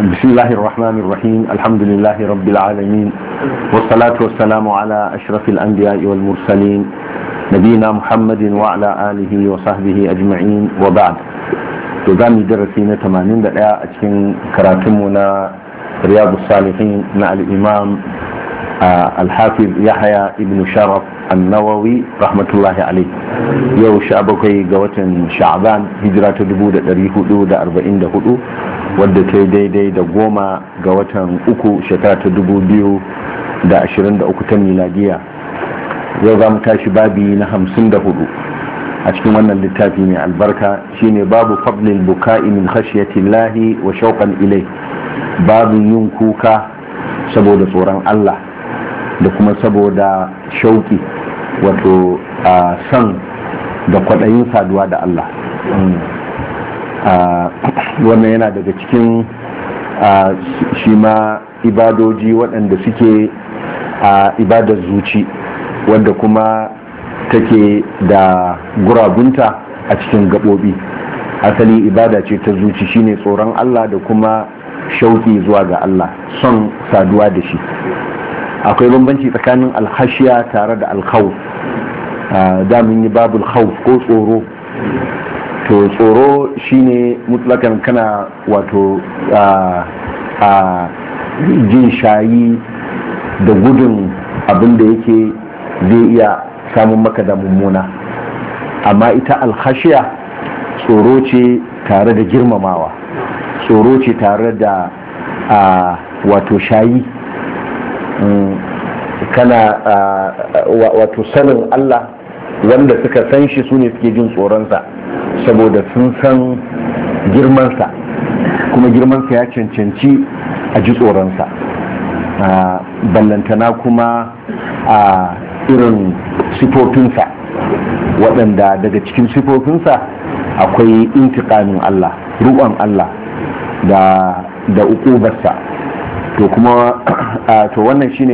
بسم الله الرحمن الرحيم الحمد لله رب العالمين والصلاة والسلام على أشرف الأنبياء والمرسلين نبينا محمد وعلى آله وصحبه أجمعين وبعد تزامي درسين تمانين دقاء أتكين كراتمنا رياض الصالحين مع الإمام alhafiz yahaya ibn sharaf annawawi rahmatullahi alai yau sha bakwai ga watan sha'ban hijira ta 1444 wadda ta daidai da goma ga watan uku shekara ta 2023 ta miladiya yau za mu tashi babi na 54 a cikin wannan littafi mai albarka shine babu fablin buka'i min khashiyatillahi wa shauqan ilai babu yin kuka saboda tsoron Allah da kuma saboda shauki wato a san da kwaɗayin saduwa da Allah wannan yana daga cikin shi ma ibadoji waɗanda suke a ibadar zuci wadda kuma take da gurabunta a cikin gaɓoɓi asali ibada ce ta zuci shine tsoron Allah da kuma shauki zuwa ga Allah son saduwa da shi akwai bambanci tsakanin alhashiya tare da alkhawf da mun yi babu alkhawf ko tsoro to tsoro shine mutlakan kana wato a jin shayi da gudun abin da yake zai iya samun maka da mummuna amma ita alhashiya tsoro ce tare da girmamawa tsoro ce tare da wato shayi Mm. kana wato sanin Allah wanda suka san shi su ne suke jin tsoronsa saboda sun san girmansa kuma girmansa ya cancanci a ji tsoronsa ballantana kuma a irin sifofinsa waɗanda daga cikin sifofinsa akwai intiƙamin Allah ruwan Allah da da to kuma to wannan shine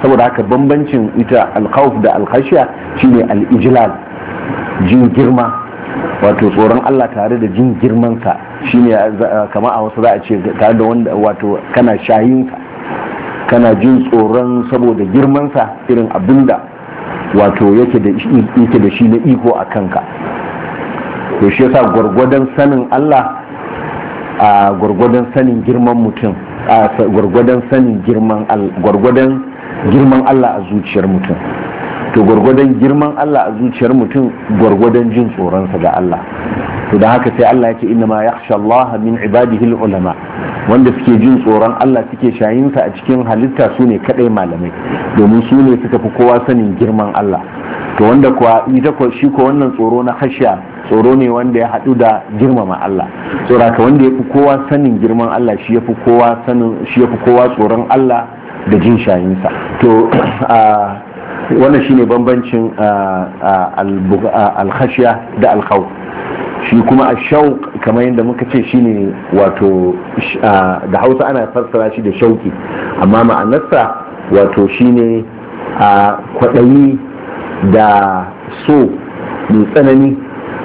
saboda haka bambancin ita alkhawf da alkhashiya shine al-ijlal jin girma wato tsoron Allah tare da jin girmansa shine kama a wasu za a ce tare da wanda wato kana shayinsa kana jin tsoron saboda girmansa irin abinda wato yake da yake da shi na iko a kanka to shi yasa gwargwadon sanin Allah a gwargwadon sanin girman mutum gwargwadon sanin girman Allah a zuciyar mutum to gwargwadon girman Allah a zuciyar mutum gwargwadon jin tsoronsa ga Allah to da haka sai Allah ya ce inna ma yakhsha Allah min ibadihi ulama wanda suke jin tsoron Allah suke shayinsa a cikin halitta su ne kadai malamai domin su ne suka fi kowa sanin girman Allah to wanda kuwa ita ko shi ko wannan tsoro na hasha tsoro ne wanda ya haɗu da girmama Allah tsoraka wanda ya fi kowa sanin girman Allah shi ya fi kowa sanin shi ya fi kowa tsoron Allah da jin shayinsa to a wannan shine bambancin alkhashiya da alkhaw shi kuma ashauq kamar yadda muka ce shine wato da hausa ana fassara shi da shauki amma ma'anarsa wato shine a kwaɗayi da so mai tsanani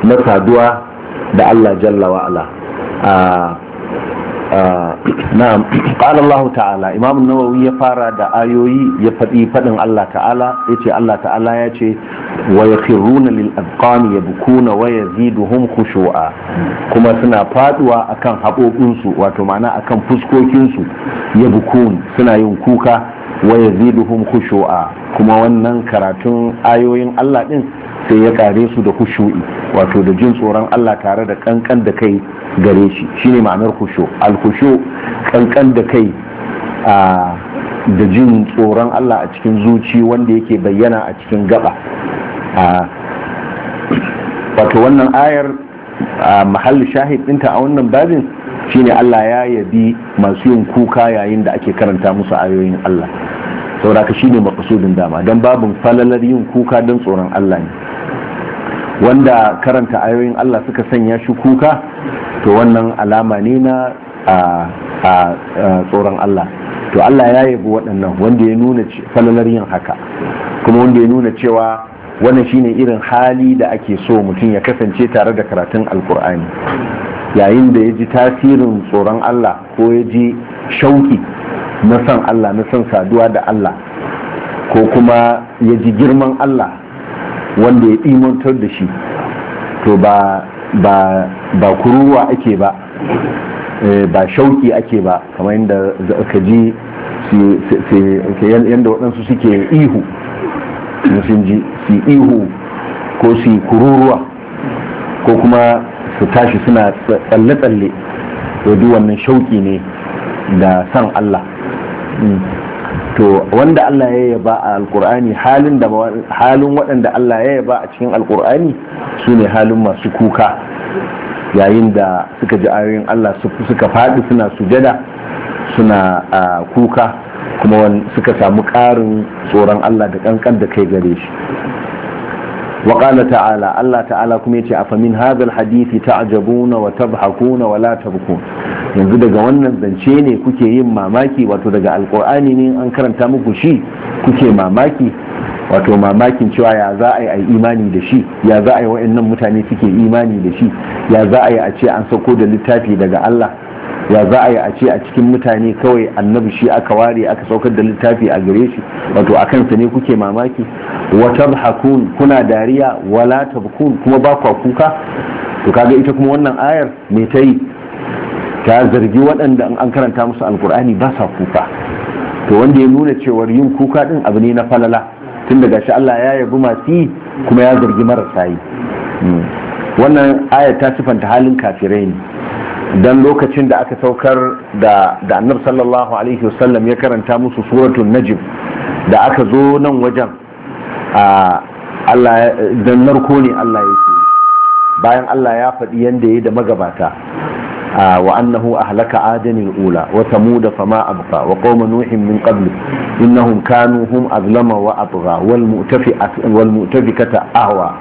na saduwa da allah jalla wa'ala na'am qala Allah ta'ala Imam an-Nawawi ya fara da ayoyi ya fadi fadin Allah ta'ala yace Allah ta'ala yace wa yakhruna lil abqan yabkuna wa yaziduhum khushu'a kuma suna faduwa akan haƙoƙin su wato ma'ana akan fuskokin su yabkun suna yin kuka wa yaziduhum khushu'a kuma wannan karatun ayoyin Allah din sai ya kare su da khushu'i wato da jin tsoron Allah tare da kankan da kai gare shi shine ma'anar khushu al khushu kankan da kai a da jin tsoron Allah a cikin zuci wanda yake bayyana a cikin gaba a wato wannan ayar mahallin shahid ɗinta a wannan babin shine Allah ya yabi masu yin kuka yayin da ake karanta musu ayoyin Allah saboda ka shine maqsudin dama dan babin falalar yin kuka don tsoron Allah ne wanda karanta ayoyin Allah suka sanya shi kuka to wannan alama ne na a tsoron Allah to Allah ya yabi waɗannan wanda ya nuna falalar yin haka kuma wanda ya nuna cewa wannan shine irin hali da ake so mutum ya kasance tare da karatun alkur'ani yayin da ya ji tasirin tsoron Allah ko ya ji shauki na san Allah na san saduwa da Allah ko kuma ya ji girman Allah wanda ya imantar da shi to ba ba ba kuruwa ake ba eh, ba shauki ake ba kamar yadda ka ji yadda waɗansu suke ihu sun ji su ihu ko su kururuwa ko kuma su tashi suna tsalle-tsalle to duk shauki ne da san Allah hmm. to wanda Allah ya yaba a alkur'ani halin da halin waɗanda Allah ya yaba a cikin alkur'ani shine halin masu kuka yayin da suka ji ayoyin Allah suka faɗi suna sujada suna kuka kuma suka samu ƙarin tsoron Allah da ƙanƙan da kai gare shi ta'ala ta'ala Allah kuma ya ce تعالى كم يتي hadisi ta'jabuna wa tabhakuna wa la تبكون yanzu daga wannan zance ne kuke yin mamaki wato daga alkur'ani ne an karanta muku shi kuke mamaki wato mamakin cewa ya za a yi a imani da shi ya za a yi wa'annan mutane suke imani da shi ya za a yi a ce an sauko da littafi daga Allah ya za a yi a ce a cikin mutane kawai annabi shi aka ware aka saukar da littafi a gare shi wato a kansa ne kuke mamaki wata hakun kuna dariya wala tabkun kuma ba kuka to kaga ita kuma wannan ayar me ta yi ta zargi waɗanda an karanta musu alkur'ani ba sa kuka to wanda ya nuna cewar yin kuka din abu ne na falala tun daga shi Allah ya yabi masu yi kuma ya zargi marasa yi hmm. wannan ayat ta sifanta halin kafirai ne dan lokacin da aka saukar da da annab sallallahu alaihi wasallam ya karanta musu suratul Najib da aka zo nan wajen a Allah dan narko ne Allah ya ke. bayan Allah ya faɗi yanda yi da magabata وأنه أهلك عادا الأولى وثمود فما أبقى وقوم نوح من قبل إنهم كانوا هم أظلم وأطغى والمؤتفكة أهوى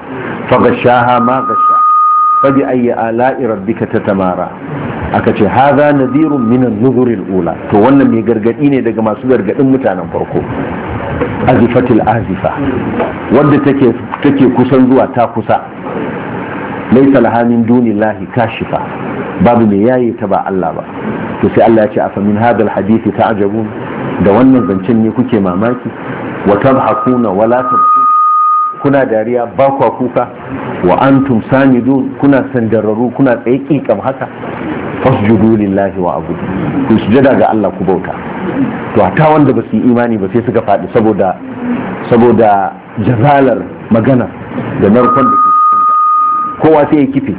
فغشاها ما غشى فبأي آلاء ربك تتمارى akace haza nadirun min an-nuzur al-ula to wannan mai gargadi ne daga masu gargadin mutanen farko azifatil azifa wanda take take kusan zuwa ta kusa laysa lahamin dunillahi kashifa babu mai yayi ta ba Allah ba to sai Allah ya ce afa min hadal hadisi ta'jabun da wannan zancen ne kuke mamaki wa hakuna wala kuna dariya ba kwa kuka wa antum sanidun kuna sandararu kuna tsaye kam haka fasjudu lillahi wa abudu ku sujada ga Allah ku bauta to ta wanda ba su yi imani ba sai suka faɗi saboda saboda jazalar magana da narkon da kowa sai ya kife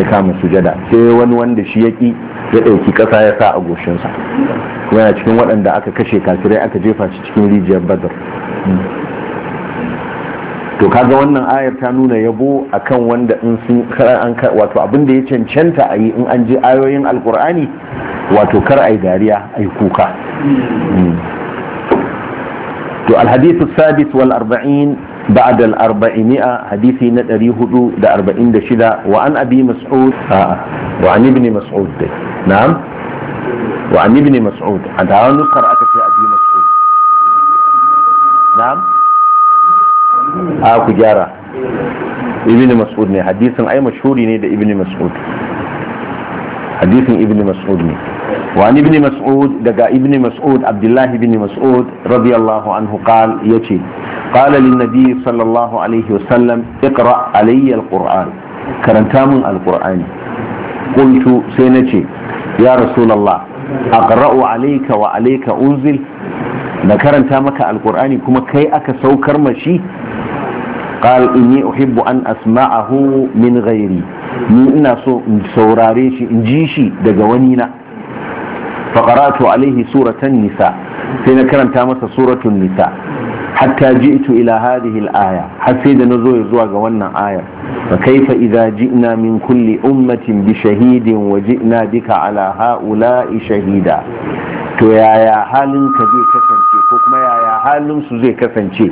ya kama sujada sai wani wanda shi ya ki ya ɗauki ƙasa ya sa a goshinsa yana cikin waɗanda aka kashe kafirai aka jefa shi cikin rijiyar badar to kaga wannan ayar ta nuna yabo akan wanda in sun an wato abin da ya cancanta a yi in an ji ayoyin alkur'ani wato kar ai dariya ai kuka hmm. to alhadithu sadis wal arba'in بعد الأربعمائة حديثي ندري هدو دا أربعين دا شدا وعن أبي مسعود آه وعن ابن مسعود دي. نعم وعن ابن مسعود عند عن نسخر أكفي أبي مسعود نعم آه كجارة ابن مسعود ني حديث أي مشهور ني دا ابن مسعود حديث ابن مسعود ني وعن ابن مسعود دقا ابن مسعود عبد الله بن مسعود رضي الله عنه قال يتي قال للنبي صلى الله عليه وسلم اقرأ علي القرآن كرنتام القرآن قلت سينتي يا رسول الله أقرأ عليك وعليك أنزل نكرنتامك القرآن كما كي أكسو كرمشي قال إني أحب أن أسمعه من غيري ni ina so in saurare shi in ji shi daga wani na فقرات عليه suratan nisa sai na karanta masa suratun nisa hatta ji'tu هذه hadhihi al-aya har sai da nazo zuwa ga wannan ayar fa kaifa idza ji'na min kulli ummatin bi shahidin wa ji'na shahida to yaya halin ka zai kasance ko kuma yaya halin su zai kasance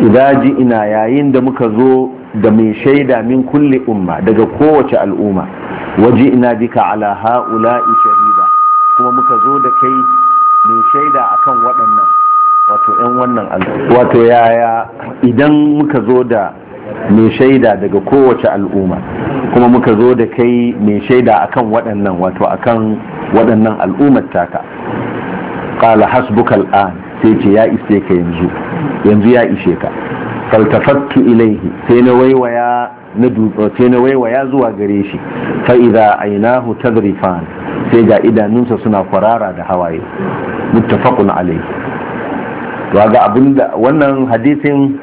idza ina yayin da muka zo da mai shaida min kulli umma daga kowace al'umma waje ina bika ala ha'ula'i shahida kuma muka zo da kai mai shaida akan waɗannan wato 'yan wannan al'umma wato yaya idan muka zo da mai shaida daga kowace al'umma kuma muka zo da kai mai shaida akan waɗannan wato akan waɗannan al'ummar taka Ƙala hasbukal A sai ce ya ise ka yanzu yanzu ya ishe ka faltafattu ilaihi sai na waiwaya na na waiwaya zuwa gare shi fa idza ainahu tadrifan sai ga idanunsa suna kwarara da hawaye muttafaqun alai to ga abinda wannan hadisin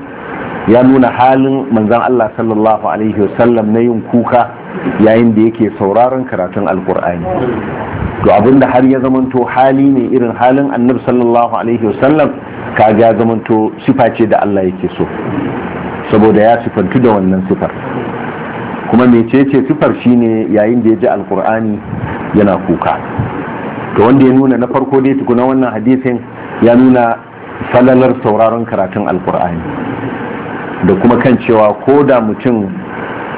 ya nuna halin manzon Allah sallallahu alaihi wasallam na yin kuka yayin da yake sauraron karatun alkur'ani to abinda har ya zamanto hali ne irin halin annabi sallallahu alaihi wasallam kaga ya zamanto sifa ce da Allah yake so saboda ya sifantu da wannan sifar kuma mecece sifar shine yayin da ya ji alkur'ani yana kuka ga wanda ya nuna na farko dai tukuna wannan hadisin ya nuna falalar sauraron karatun alkur'ani da kuma kan cewa ko da mutum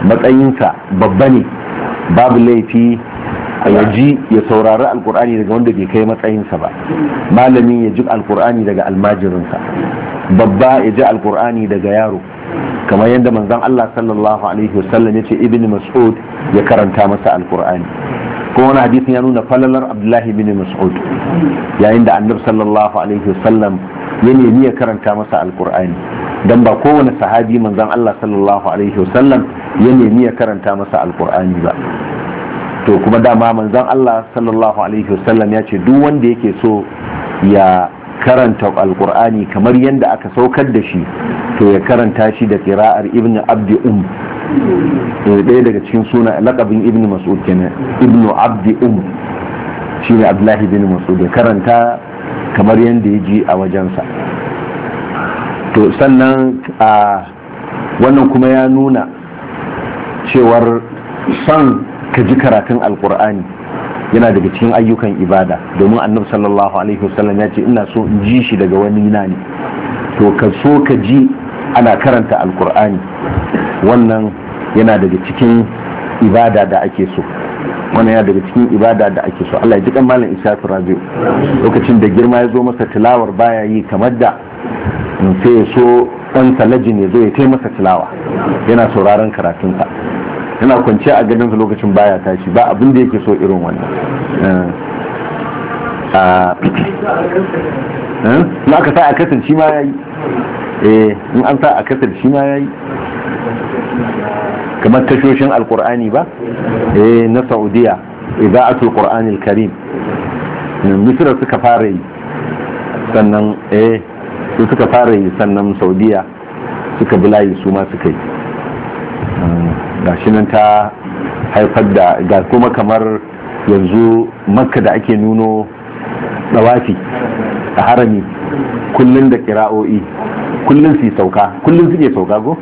matsayinsa babba ne babu laifi a yaji ya saurari alkur'ani daga wanda bai kai matsayinsa ba malamin ya ji alkur'ani daga almajirinsa babba ya ji alkur'ani daga yaro kamar yadda manzon Allah sallallahu alaihi wasallam ya ce ibn mas'ud ya karanta masa alkur'ani kuma wani hadisin ya nuna falalar abdullahi bin mas'ud yayin da annabi sallallahu alaihi wasallam ya nemi ya karanta masa alkur'ani dan ba kowane sahabi manzon Allah sallallahu alaihi wasallam ya nemi ya karanta masa alkur'ani ba to kuma dama manzon Allah sallallahu alaihi wasallam ya ce duk wanda yake so ya karanta alkur'ani kamar yadda aka saukar da shi to ya karanta shi da kira'ar ibn abdi um ɗaya daga cikin suna lakabin ibn mas'ud kenan ibn abdi um shi ne abdullahi bin mas'ud ya karanta kamar yadda ya ji a wajensa to sannan a wannan kuma ya nuna cewar son ka ji karatun alkur'ani yana daga cikin ayyukan ibada domin annabi sallallahu alaihi wasallam ya ce ina so in ji shi daga wani na ne to ka so ka ji ana karanta alkur'ani wannan yana daga cikin ibada da ake so wannan yana daga cikin ibada da ake so Allah ya ji kan malam Ishaku Rabiu lokacin da girma ya zo masa tilawar baya yi kamar da sai ya so dan salajin ya zo ya taimaka masa tilawa yana sauraron karatunsa yana kwance a gadonsa lokacin baya tashi ba abin da yake so irin wannan eh. ah. eh? in aka sa a kasar shi ma ya yi eh, in an sa a kasar shi ma ya yi kamar tashoshin alkur'ani ba na saudiya iza'atul qur'anil karim misira suka fara yi sannan eh su suka fara yi sannan saudiya suka bi su ma suka yi ah. gashi nan ta haifar da ga kuma kamar yanzu makka da ake nuno dawafi a harami kullum da kira'o'i kullum su yi sauka kullum suke sauka go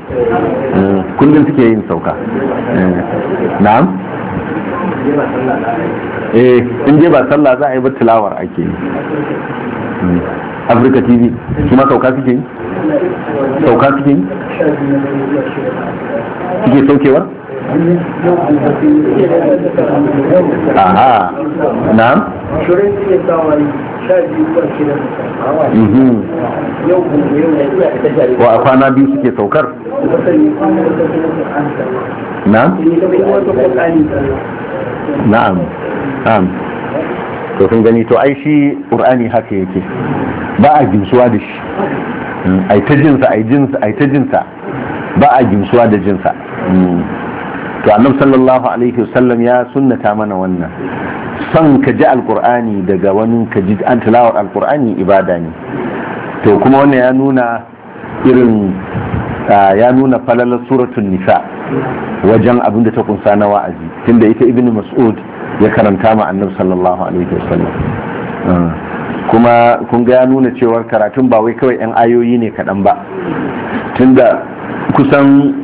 eh, kullum suke yin sauka eh, na'am eh in je ba sallah za a yi ba tilawar ake yi hmm. afirka tv su ma sauka suke yi sauka suke yi suke saukewa aha mhm. na wa a kwana biyu suke saukar na na'am na'am to sun gani to ai shi ƙur'ani haka yake ba a jinsuwa da shi mm, ai ta jinsa ai jinsa ai ta jinsa ba a jinsuwa da jinsa to annabi sallallahu alaihi wasallam ya sunnata mana wannan son ka ji alkur'ani daga wani ka ji an tilawar alkur'ani ibada ne to kuma wannan ya nuna irin ya nuna falalar suratun nisa wajen abin da ta kunsa na wa'azi tunda ita ibn mas'ud ya karanta ma annabi sallallahu alaihi wasallam kuma kun ga ya nuna cewa karatun ba wai kawai yan ayoyi ne kaɗan ba tunda kusan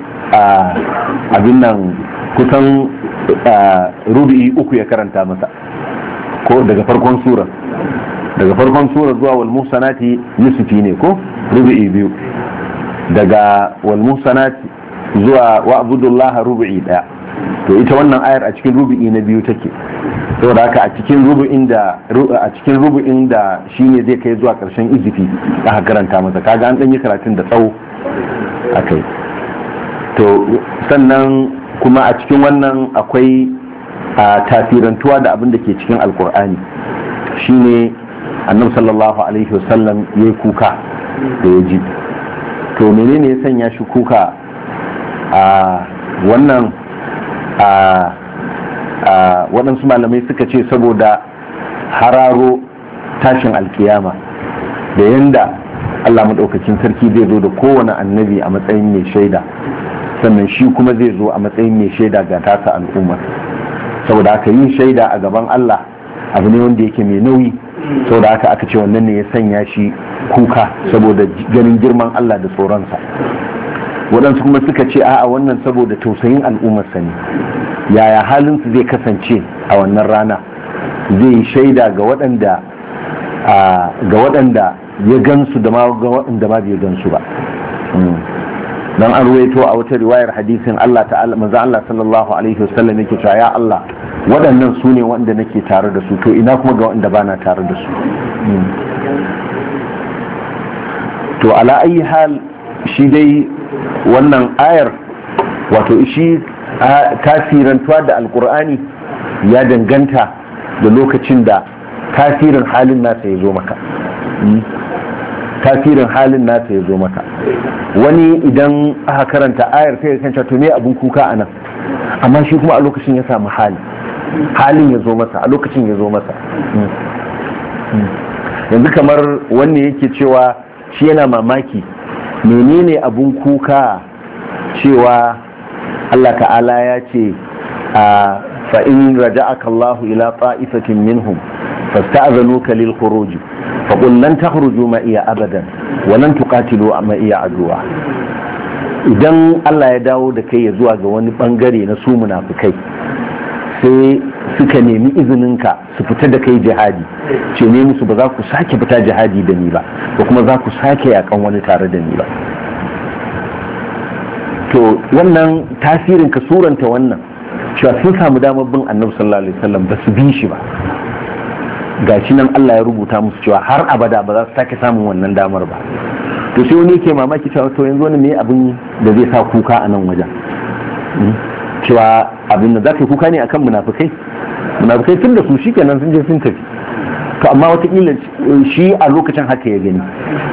abin nan kusan rubi uku ya karanta masa ko daga farkon sura daga farkon sura zuwa wal musanati nisfi ne ko rubi biyu daga wal musanati zuwa wa abdullah rubi daya to ita wannan ayar a cikin rubi na biyu take saboda haka a cikin rubu'in da a cikin rubu'in da shine zai kai zuwa karshen izifi aka karanta masa kaga an dan yi karatun da tsawo akai to sannan kuma a cikin wannan akwai a tasirantuwa da abin da ke cikin alkur'ani shine annabi sallallahu alaihi wasallam ya yi kuka da ya ji to menene ya sanya shi kuka a wannan a waɗansu malamai suka ce saboda hararo tashin alkiyama da yanda allah maɗaukakin sarki zai zo da kowane annabi a matsayin mai shaida sannan shi kuma zai zo a matsayin mai shaida ga tasa al'umma saboda aka yi shaida a gaban Allah abu ne wanda yake mai nauyi saboda aka aka ce wannan ne ya sanya shi kuka saboda ganin girman Allah da tsoronsa waɗansu kuma suka ce a wannan saboda tausayin al'ummarsa ne yaya halinsu zai kasance a wannan rana zai yi shaida ga waɗanda ya gansu da ma ga waɗanda ba bai gansu ba hmm. dan an ruwaito a wata riwayar hadisin Allah ta'ala manzo Allah sallallahu alaihi wasallam yake cewa ya Allah waɗannan su ne wanda nake tare da su to ina kuma ga wanda bana tare da su to ala ayi hal shi dai wannan ayar wato shi tuwa da alkur'ani ya danganta da lokacin da tasirin halin nasa ya zo maka hmm? tasirin halin nasa ya zo mata wani idan aka karanta ayar sai ya kanta to me abun kuka a nan amma shi kuma a lokacin ya samu hali halin ya zo masa a lokacin ya zo masa yanzu kamar wannan yake cewa shi yana mamaki menene abun kuka cewa Allah ta'ala ya ce a fa'in raja'aka Allahu ila ta'ifatin minhum fasta'zanuka lil khuruj faƙul lan takhruju ma iya abadan wa lan tuqatilu ma iya aduwa idan Allah ya dawo da kai ya zuwa ga wani bangare na su munafikai sai suka nemi izininka su fita da kai jihadi ce ne musu ba za ku sake fita jihadi da ni ba ko kuma za ku sake yakan wani tare da ni ba to wannan tasirin ka suranta wannan cewa sun samu damar bin annabi sallallahu alaihi wasallam ba su bi shi ba Ga shi nan Allah ya rubuta musu cewa har abada ba za su sake samun wannan damar ba to sai wani yake mamaki cewa to yanzu wani me abin da zai sa kuka a nan wajen hmm? cewa abin da za ka yi kuka ne akan munafikai munafikai tun da su shikenan sun je sun tafi to amma wataƙila shi a lokacin haka ya gani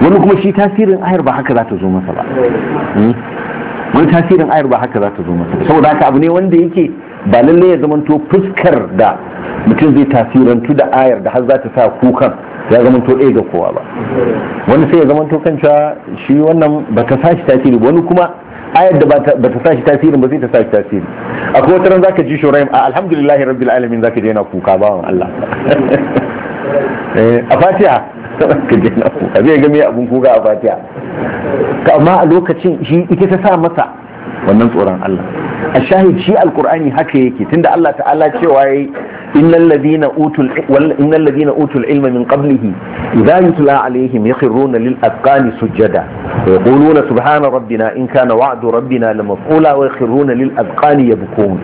wani kuma shi tasirin ayar ba haka za ta zo masa ba hmm? wani tasirin ayar ba haka za ta zo masa saboda haka abu ne wanda yake ba lallai ya zamanto fuskar da mutum zai tasirantu da ayar da har za ta sa kukan ya zama to ɗaya ga kowa ba wani sai ya zama to kan cewa shi wannan ba ta sa shi tasiri wani kuma ayar da ba ta shi tasirin ba zai ta sa shi tasiri akwai wata ran ka ji shorayin a alhamdulillah rabbil alamin ka je yana kuka bawan Allah eh, a fatiha ka je kuka zai ga me abun kuka a fatiha amma a lokacin shi ita ta sa masa wannan tsoron Allah a shahid shi alkur'ani haka yake tunda Allah ta'ala cewa yayi innal ladina utul ilma min qablihi idha yutla alaihim yakhruna lil azqani sujada wa yaquluna subhana rabbina in kana wa'du rabbina lamaf'ula wa yakhruna lil azqani yabkun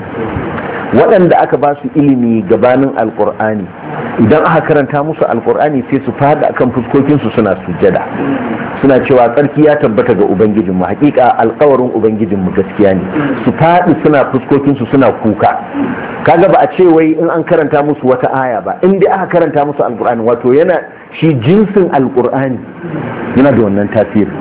waɗanda aka ba su ilimi gabanin alkur'ani idan aka karanta musu alkur'ani sai su fada akan fuskokinsu suna sujada suna cewa tsarki ya tabbata ga ubangijinmu hakika alkawarin ubangijinmu gaskiya ne su fadi suna fuskokinsu suna kuka kaga ba a ce wai in an karanta musu wata aya ba in dai aka karanta musu alkur'ani wato yana shi jinsin alkur'ani yana da wannan tasirin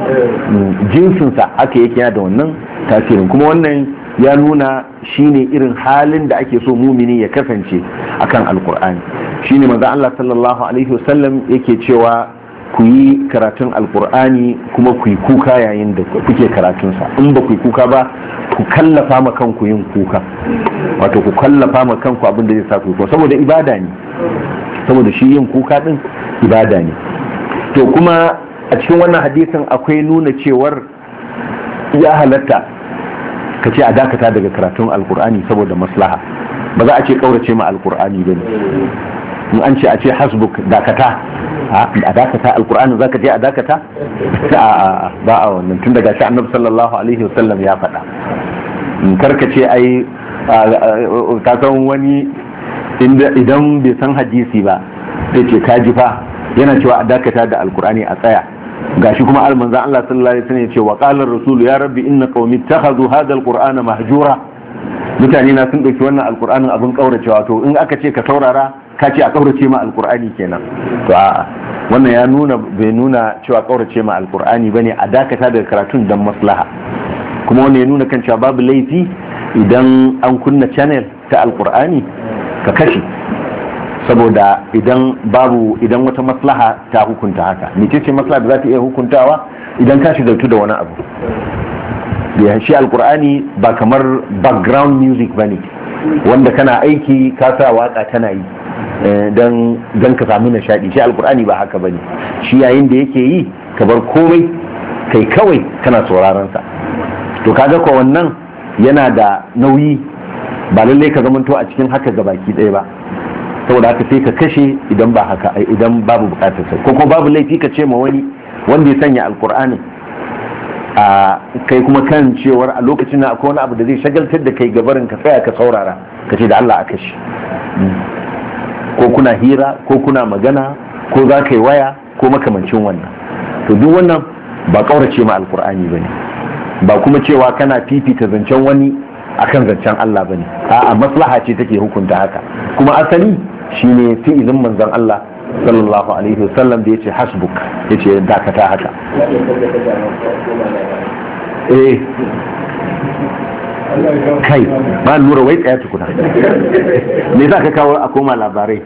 jinsinsa haka yake yana da wannan tasirin kuma wannan ya nuna shine irin halin da ake so mumini ya kasance akan alkur'ani shine manzo Allah sallallahu alaihi wasallam yake cewa ku yi karatun alkur'ani kuma ku yi kuka yayin da kuke karatunsa in ba ku yi kuka ba ku kallafa ma kanku yin kuka wato ku kallafa ma kanku abin da zai sa ku saboda ibada saboda shi yin kuka din ibada ne to kuma a cikin wannan hadisin akwai nuna cewar ya halatta ka ce a dakata daga karatun alkur'ani saboda maslaha ba za a ce kaurace ma alkur'ani ba ne in an ce a ce hasbuk dakata a dakata alkur'ani za ka je a dakata ba a wannan tun daga shi annabi sallallahu alaihi wasallam ya faɗa karka ce ai ka san wani idan bai san hadisi ba sai ce ka ji fa yana cewa a dakata da alkur'ani a tsaya gashi kuma almanzan Allah sallallahu alaihi wasallam ya ce wa qala rasulu ya rabbi inna qaumi ittakhadhu hadha alqur'ana mahjura mutane na sun dauki wannan alqur'anin abin kauracewa to in aka ce ka saurara ka ce a kaurace ma alqur'ani kenan to a wannan ya nuna bai nuna cewa kaurace ma alqur'ani bane a dakata daga karatun dan maslaha kuma wannan ya nuna kan cewa babu laifi idan an kunna channel ta alqur'ani ka kashe saboda idan babu idan wata maslaha ta hukunta haka mece ce maslaha da za ta iya hukuntawa idan ka shi zartu da wani abu ya shi alkur'ani ba kamar background music ba ne wanda kana aiki ka sa waka tana yi eh, don ka samu nishaɗi shi alkur'ani ba haka ba ne shi yayin da yake yi ka bar komai kai kawai kana sauraron sa to kaga ko wannan yana da nauyi ba lallai ka zamanto a cikin haka ga baki ɗaya ba saboda haka sai ka kashe idan ba haka idan babu bukatar sai ko babu laifi ka ce ma wani wanda ya sanya alkur'ani a kai kuma kan cewar a lokacin akwai wani abu da zai shagaltar da kai gabarin ka tsaya ka saurara ka ce da Allah a kashe ko kuna hira ko kuna magana ko za ka yi waya ko makamancin wannan to duk wannan ba kaurace ma alkur'ani bane ba kuma cewa kana fifita zancen wani akan zancen Allah bane a'a maslaha ce take hukunta haka kuma asali shine fi'ilin manzon Allah sallallahu alaihi wasallam da yace hasbuk yace dakata haka eh kai ba lura wai tsaya tukuna me za ka kawo a koma labarai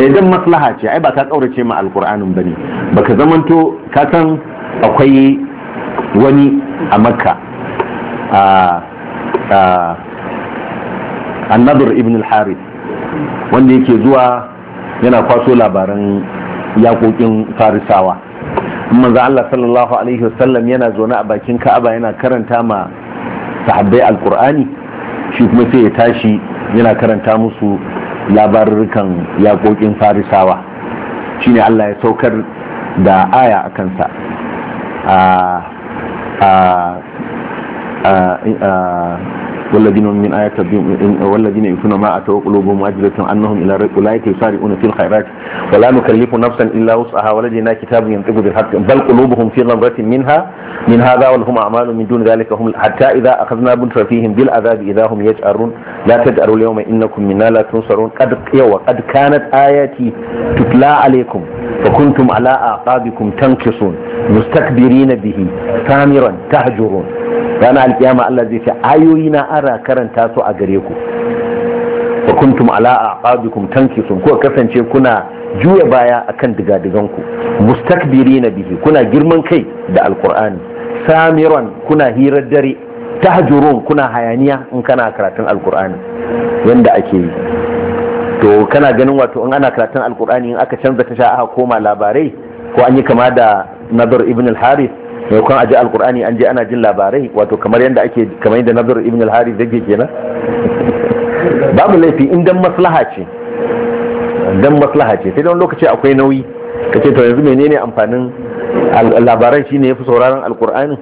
idan eh. Eh, maslaha ce ai ba ka kaurace ma alkur'anin bane baka zamanto ka san akwai wani a makka A a ibn al-harith wanda yake zuwa yana kwaso labaran yakokin farisawa manzo Allah sallallahu alaihi wasallam yana zaune a bakin Ka'aba yana karanta ma sahabbai alqur'ani shi kuma sai ya tashi yana karanta musu labarukan yakokin farisawa shine Allah ya saukar da aya a kansa والذين من آيات والذين يكون ما أتوا قلوبهم واجلة أنهم إلى أولئك يسارعون في الخيرات ولا نكلف نفسا إلا وسعها ولدينا كتاب ينطق بالحق بل قلوبهم في نظرة منها من هذا ولهم أعمال من دون ذلك هم حتى إذا أخذنا بنترفيهم بالعذاب إذا هم يجأرون لا تجأروا اليوم إنكم منا لا تنصرون قد قد كانت آياتي تتلى عليكم فكنتم على أعقابكم تنكصون مستكبرين به سامرا تهجرون رانا القيامة الذي زي أيوينا أرى كرن تاسو أقريكم فكنتم على أعقابكم تنكصون كو كفن كنا جوا بايا أكن دقا دقانكم مستكبرين به كنا جرمن كي دا القرآن سامرا كنا هير الدري تهجرون كنا هيانية إن كان أكراتن القرآن يندا أكيد to kana ganin wato in ana karatun alkur'ani in aka canza sha aka koma labarai ko an yi kama da nadar ibn al-harith maimakon aje alkur'ani an je ana jin labarai wato kamar yadda ake kamar yadda nadar ibn al-harith zage kenan babu laifi in dan maslaha ce dan maslaha ce sai don lokaci akwai nauyi kace to yanzu menene amfanin labaran shine yafi sauraron alkur'ani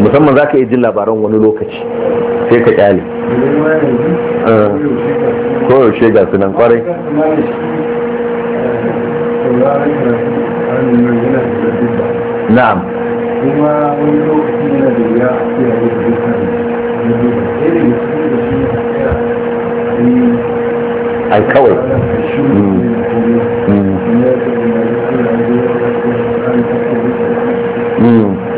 musamman zaka iya jin labaran wani lokaci sai ka kyale Eh, koyaushe ga sunan kwarai na'am kuma wani lokaci yana da wuya da ai kawai Mm. mm.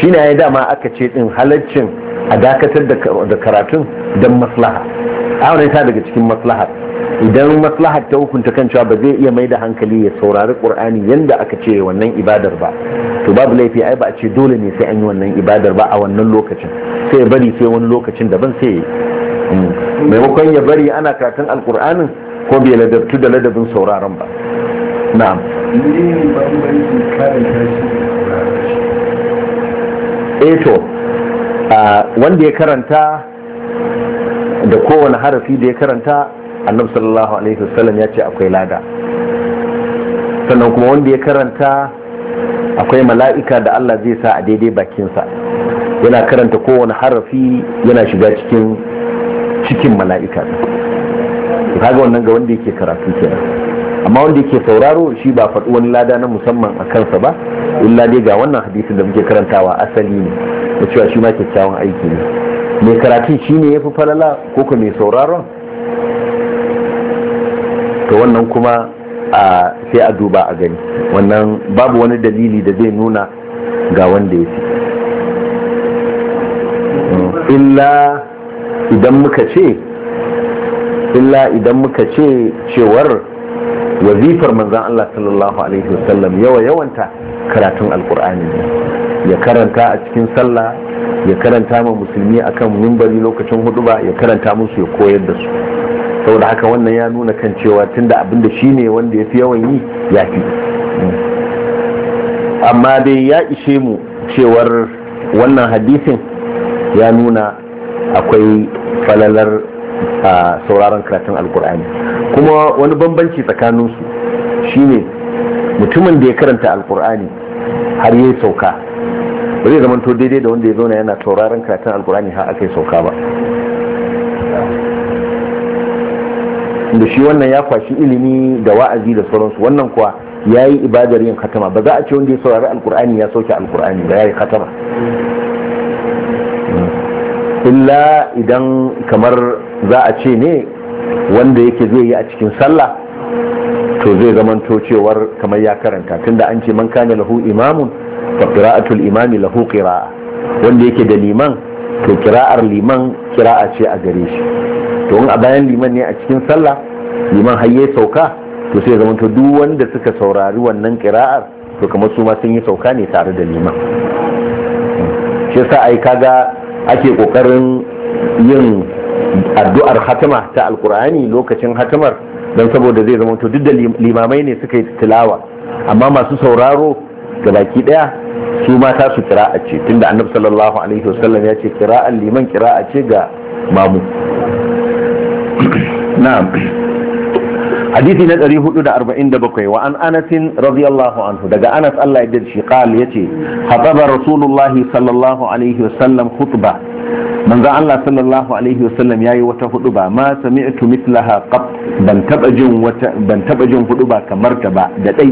shi na ya dama aka ce din halaccin a dakatar da karatun don maslaha wani ta daga cikin maslaha idan maslahar ta hukunta kan cewa ba zai iya mai da hankali ya saurari qur'ani yanda aka ce wannan ibadar ba to babu laifi ai ba a ce dole ne sai an yi wannan ibadar ba a wannan lokacin sai bari sai wani lokacin daban sai mm, maimakon ya bari ana karatun Alƙur'anin ko bai ladabtu da ladabin sauraron ba na'am eto eh wanda ya karanta da kowane harafi da ya karanta annabi sallallahu alaihi wasallam ya ce akwai lada sannan kuma wanda ya karanta akwai mala'ika da Allah zai sa a daidai bakinsa yana karanta kowane harafi yana shiga cikin cikin mala'ika kaga wannan ga wanda yake karatu kenan amma wanda yake sauraro shi ba faɗi wani lada na musamman a kansa ba illa dai ga wannan hadisin da muke karantawa asali ne da cewa shi ma kyakkyawan aiki ne mai karatun shi ne ya fi falala ko ku mai sauraron to wannan kuma a sai a duba a gani wannan babu wani dalili da zai nuna ga wanda ya fi illa idan ce illa idan muka ce cewar wazifar manzan Allah sallallahu alaihi wasallam yawa yawanta karatun alkur'ani ya karanta a cikin sallah ya karanta ma musulmi a kan mimbari lokacin hudu ba ya karanta musu ya koyar da su saboda haka wannan ya nuna kan cewa tun tunda abinda shi ne wanda ya fi yawan yi ya fi amma dai ya ishe mu cewar wannan hadisin ya nuna akwai falalar sauraron karatun alkur'ani kuma wani bambanci tsakaninsu shine mutumin da ya karanta alkur'ani har yi sauka ba zai zama to daidai da wanda ya zauna yana tauraron karatun alkur'ani har aka yi sauka ba da shi wannan ya kwashi ilimi da wa'azi da sauransu wannan kuwa ya yi ibadar yin katama ba za a ce wanda ya saurari alkur'ani ya sauke alkur'ani ba ya yi katama illa idan kamar za a ce ne wanda yake zai yi a cikin sallah to zai zamanto cewar kamar ya karanta tunda an ce man kana lahu imamun fa qira'atul imami lahu qira'a wanda yake da liman to kira'ar liman kira'a ce a gare shi to in a bayan liman ne a cikin sallah liman har ya sauka to sai zamanto duk wanda suka saurari wannan kira'ar to kamar su ma sun yi sauka ne tare da liman shi yasa ai kaga ake kokarin yin addu'ar hatima ta alkur'ani lokacin hatimar don saboda zai zama to duk da limamai ne suka yi tilawa amma masu sauraro ga baki daya su mata su kira'a ce tunda annabi sallallahu alaihi wasallam ya ce kira'an liman kira'a ce ga mamu na'am hadisi na 447 wa an Anasin radiyallahu anhu daga anas Allah ya shi qal yace hataba rasulullahi sallallahu alaihi wasallam khutba manzo Allah sallallahu alaihi wasallam yayi wata huduba ma sami'tu mithlaha qat ban taba jin wata ban taba jin huduba kamar ta ba da dai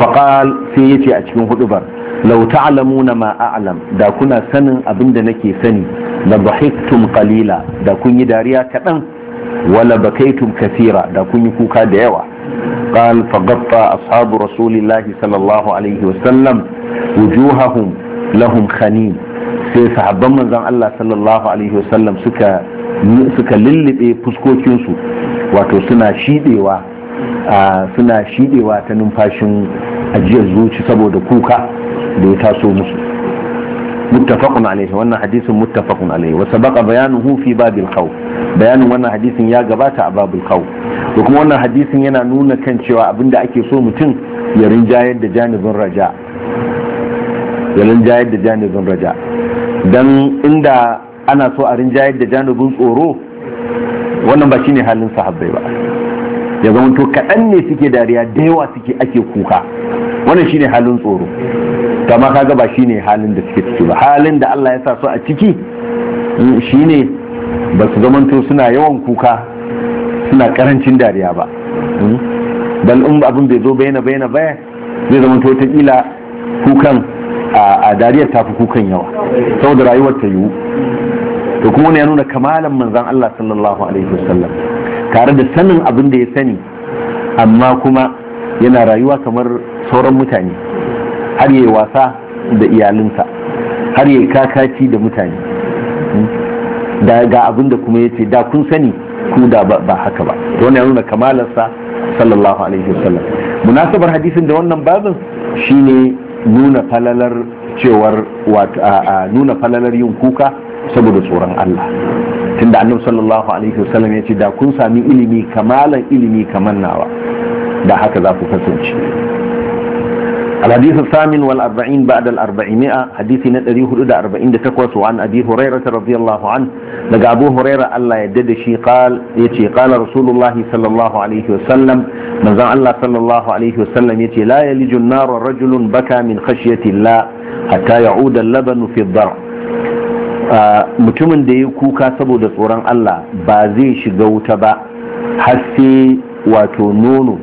faqal sai yace a cikin hudubar law ta'lamuna ma a'lam da kuna sanin abinda nake sani la dhahiktum qalila da kun yi dariya kadan wala bakaitum kathira da kun yi kuka da yawa قال فغطى أصحاب رسول الله صلى الله عليه وسلم وجوههم لهم خنين sai sahabban manzon Allah sallallahu alaihi wasallam suka suka lullube fuskokinsu wato suna shidewa suna shidewa ta numfashin ajiyar zuci saboda kuka da ya taso musu muttafaqun alaihi wannan hadisin muttafaqun alaihi wa sabaqa bayanuhu fi babil khawf bayanin wannan hadisin ya gabata a babul kawo da kuma wannan hadisin yana nuna kan cewa abinda ake so mutum ya rinjayar da janibin raja ya rinjayar da janibin raja don inda ana so a rinjayar da janibin tsoro wannan ba shine halin sahabbai ba ya zama to kaɗan ne suke dariya da yawa suke ake kuka wannan shine halin tsoro kama kaga ba shine halin da suke ciki ba halin da Allah ya sa su a ciki shine ba su zamanto suna yawan kuka suna karancin dariya ba hmm? bal in abin bai zo bayana bayana baya zai zamanta ta kila kukan a dariyar fi kukan yawa saboda rayuwar ta yiwu to kuma wani ya nuna kamalan manzan Allah sallallahu alaihi wasallam tare da sanin abin da ya sani amma kuma yana rayuwa kamar sauran mutane har yi wasa da iyalinsa har yi kakaci da mutane hmm? da ga abin da kuma yace da kun sani ku da ba haka ba to wannan nuna kamalarsa sallallahu alaihi wasallam munasabar hadisin da wannan babin shine nuna falalar cewar wato nuna falalar yin kuka saboda tsoron Allah tunda annabi sallallahu alaihi wasallam yace da kun sami ilimi kamalan ilimi kamar nawa da haka za ku kasance الحديث الثامن والأربعين بعد الأربعمائة حديث ندري هدود أربعين تكوس عن أبي هريرة رضي الله عنه لقى أبو هريرة الله يدد شي قال يتي قال رسول الله صلى الله عليه وسلم من زعل الله صلى الله عليه وسلم يتي لا يلج النار رجل بكى من خشية الله حتى يعود اللبن في الضرع متمن da ya kuka saboda tsoron Allah ba zai shiga wuta ba har sai wato nono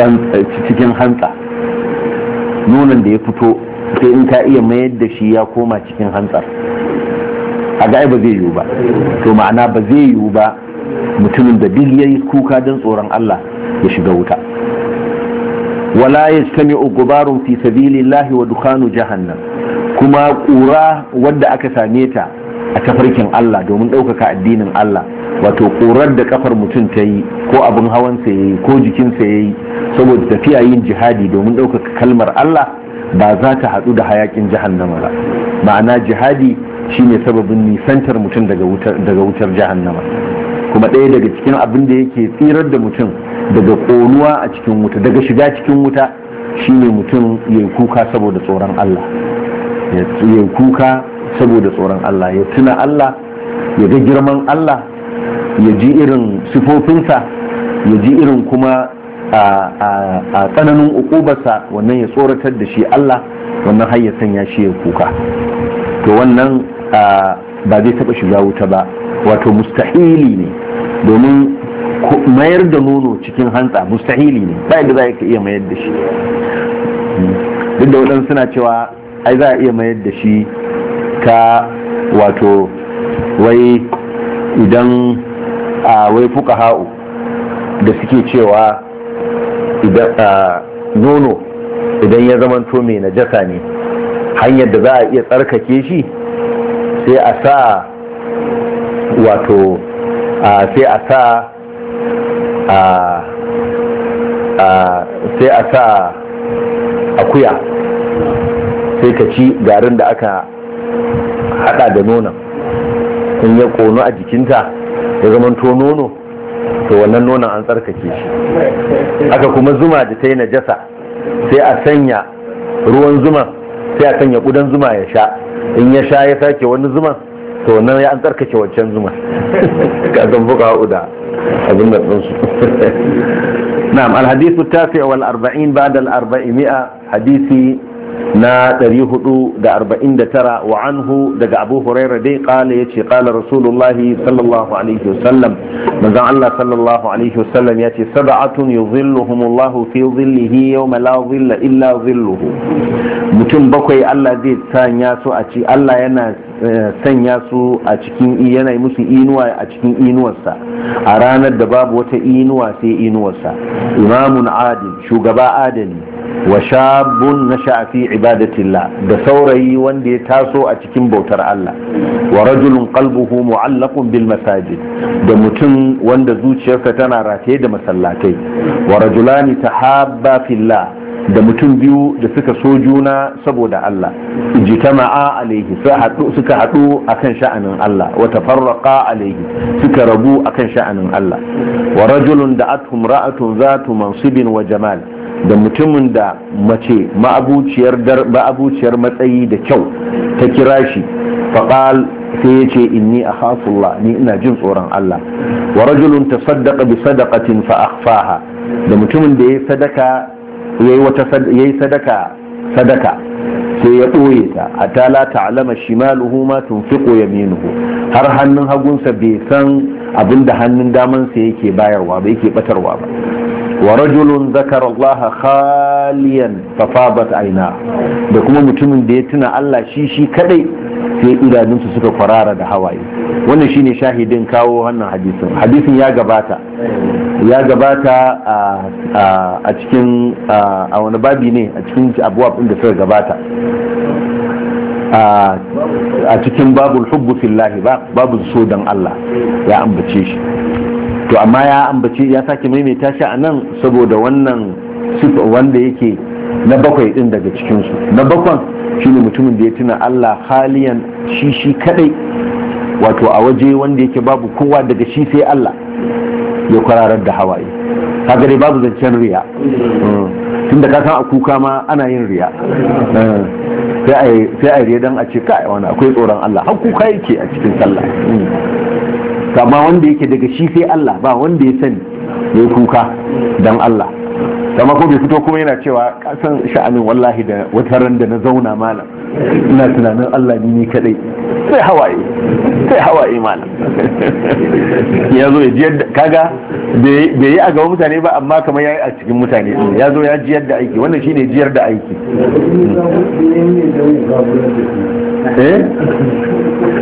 Eh, cikin hantsa nunan da ya fito sai in ka iya mayar da shi ya koma cikin hantsar a ga'ai ba zai yiwu ba to ma'ana ba zai yiwu ba mutumin da duk yayi kuka don tsoron Allah ya shiga wuta wala yajtami'u gubarun fi sabilillahi wa dukhanu jahannam kuma kura wadda aka same ta a tafarkin Allah domin ɗaukaka addinin Allah wato ƙorar da kafar mutum ta yi ko abin hawansa ya yi ko jikinsa ya yi saboda tafiya yin jihadi domin ɗaukaka kalmar Allah ba za ta haɗu da hayakin jahannama ba ma'ana jihadi shine sababin nisantar mutum daga wutar jahannama kuma ɗaya daga cikin abin da yake tsirar da mutum daga ƙonuwa a cikin wuta daga shiga cikin wuta shine mutum ya kuka saboda tsoron Allah ya kuka saboda tsoron Allah ya tuna Allah ya ga girman Allah ya ji irin sifofinsa ya ji irin kuma a tsananin ukubarsa wannan ya tsoratar da shi Allah wannan har ya sanya shi ya kuka to wannan ba zai taba shiga wuta ba wato mustahili ne domin mayar da nono cikin hantsa mustahili ne ba yadda za ka iya mayar da shi duk da waɗansu suna cewa ai za a iya mayar da shi ta wato wai idan a wai fuka ha'u da suke cewa nono idan ya zamanto mai jasa ne hanyar da za a iya tsarkake shi sai a sa wato sai a sa sai a sa akuya sai ka ci garin da aka hada da nonon in ya kono a jikinta ya zama to nono to wannan nonon an tsarkake shi haka kuma zuma da ta yi najasa sai a sanya ruwan zuma sai a sanya kudan zuma ya sha in ya sha ya sake wani zuma to nan ya an tsarkake wancan zuma ka zan buka uda abin da ɗinsu na'am alhadisu tafi wal arba'in ba da al arba'in mi'a hadisi na 449 wa anhu daga abu huraira dai kala ya ce kala rasulullahi sallallahu alaihi wasallam manzon Allah sallallahu alaihi wasallam ya ce sab'atun yuzilluhumullahu fi zillihi yawma la zilla illa zilluhu mutum bakwai Allah zai sanya su a ci Allah yana eh, sanya su a cikin yana musu inuwa a cikin inuwarsa a ranar da babu wata inuwa sai inuwarsa imamun adil shugaba adali wa shabun nasha'a fi ibadatillah da saurayi wanda ya taso a cikin bautar Allah wa rajulun qalbuhu mu'allaqun bil masajid da mutum wanda zuciyarsa tana rataye da masallatai wa rajulani tahabba fillah da mutum biyu da suka so juna saboda Allah ijtama'a alaihi suka haɗu akan sha'anin Allah wa tafarraqa alaihi suka rabu akan sha'anin Allah wa rajulun da'atuhum ra'atun zatu mansibin wa jamal da mutumin da mace ma'abuciyar matsayi da kyau ta kira shi faƙal sai ya ce inni a hafullah ni ina jin tsoron Allah wa rajulun ta sadaka bi sadakatin fa'afaha da mutumin da ya sadaka ya yi sadaka sadaka sai ya ɓoye ta a tala ta'alama shimaluhu ma tunfiqo yaminuhu har hannun hagunsa bai san abin da hannun damansa yake bayarwa ba yake batarwa ba ورجل ذكر الله خاليا ففابت عينا aina da kuma mutumin da ya tuna Allah shi shi kadai sai idanunsa suka kwarara da hawaye wannan shine shahidin kawo wannan hadisin hadisin ya gabata ya gabata a cikin a wani babi ne a cikin abuwa da suka gabata a cikin babul hubbu fillahi babu so dan Allah ya ambace shi to amma ya ambaci ya sake maimaita shi a nan saboda wannan sifa wanda yake na bakwai din daga cikinsu na bakwan shine mutumin da ya tuna allah haliyan shi shi kadai wato a waje wanda yake babu kowa daga shi sai allah ya kwararar da hawaye kaga dai babu zancen riya mm. tun da kasan a kuka ma ana yin riya mm. sai a yi riya don a ce kai wani akwai tsoron allah har kuka yake a cikin sallah mm. to amma wanda yake daga shi sai Allah ba wanda ya sani ya kuka don Allah amma ko bai fito kuma yana cewa kasan sha'anin wallahi da wata ran da na zauna malam ina tunanin Allah ni ne kadai sai hawaye sai hawaye malam ya zo ya ji kaga bai yi a gaban mutane ba amma kamar ya yi a cikin mutane ya zo ya jiyar da aiki wannan shine jiyar da aiki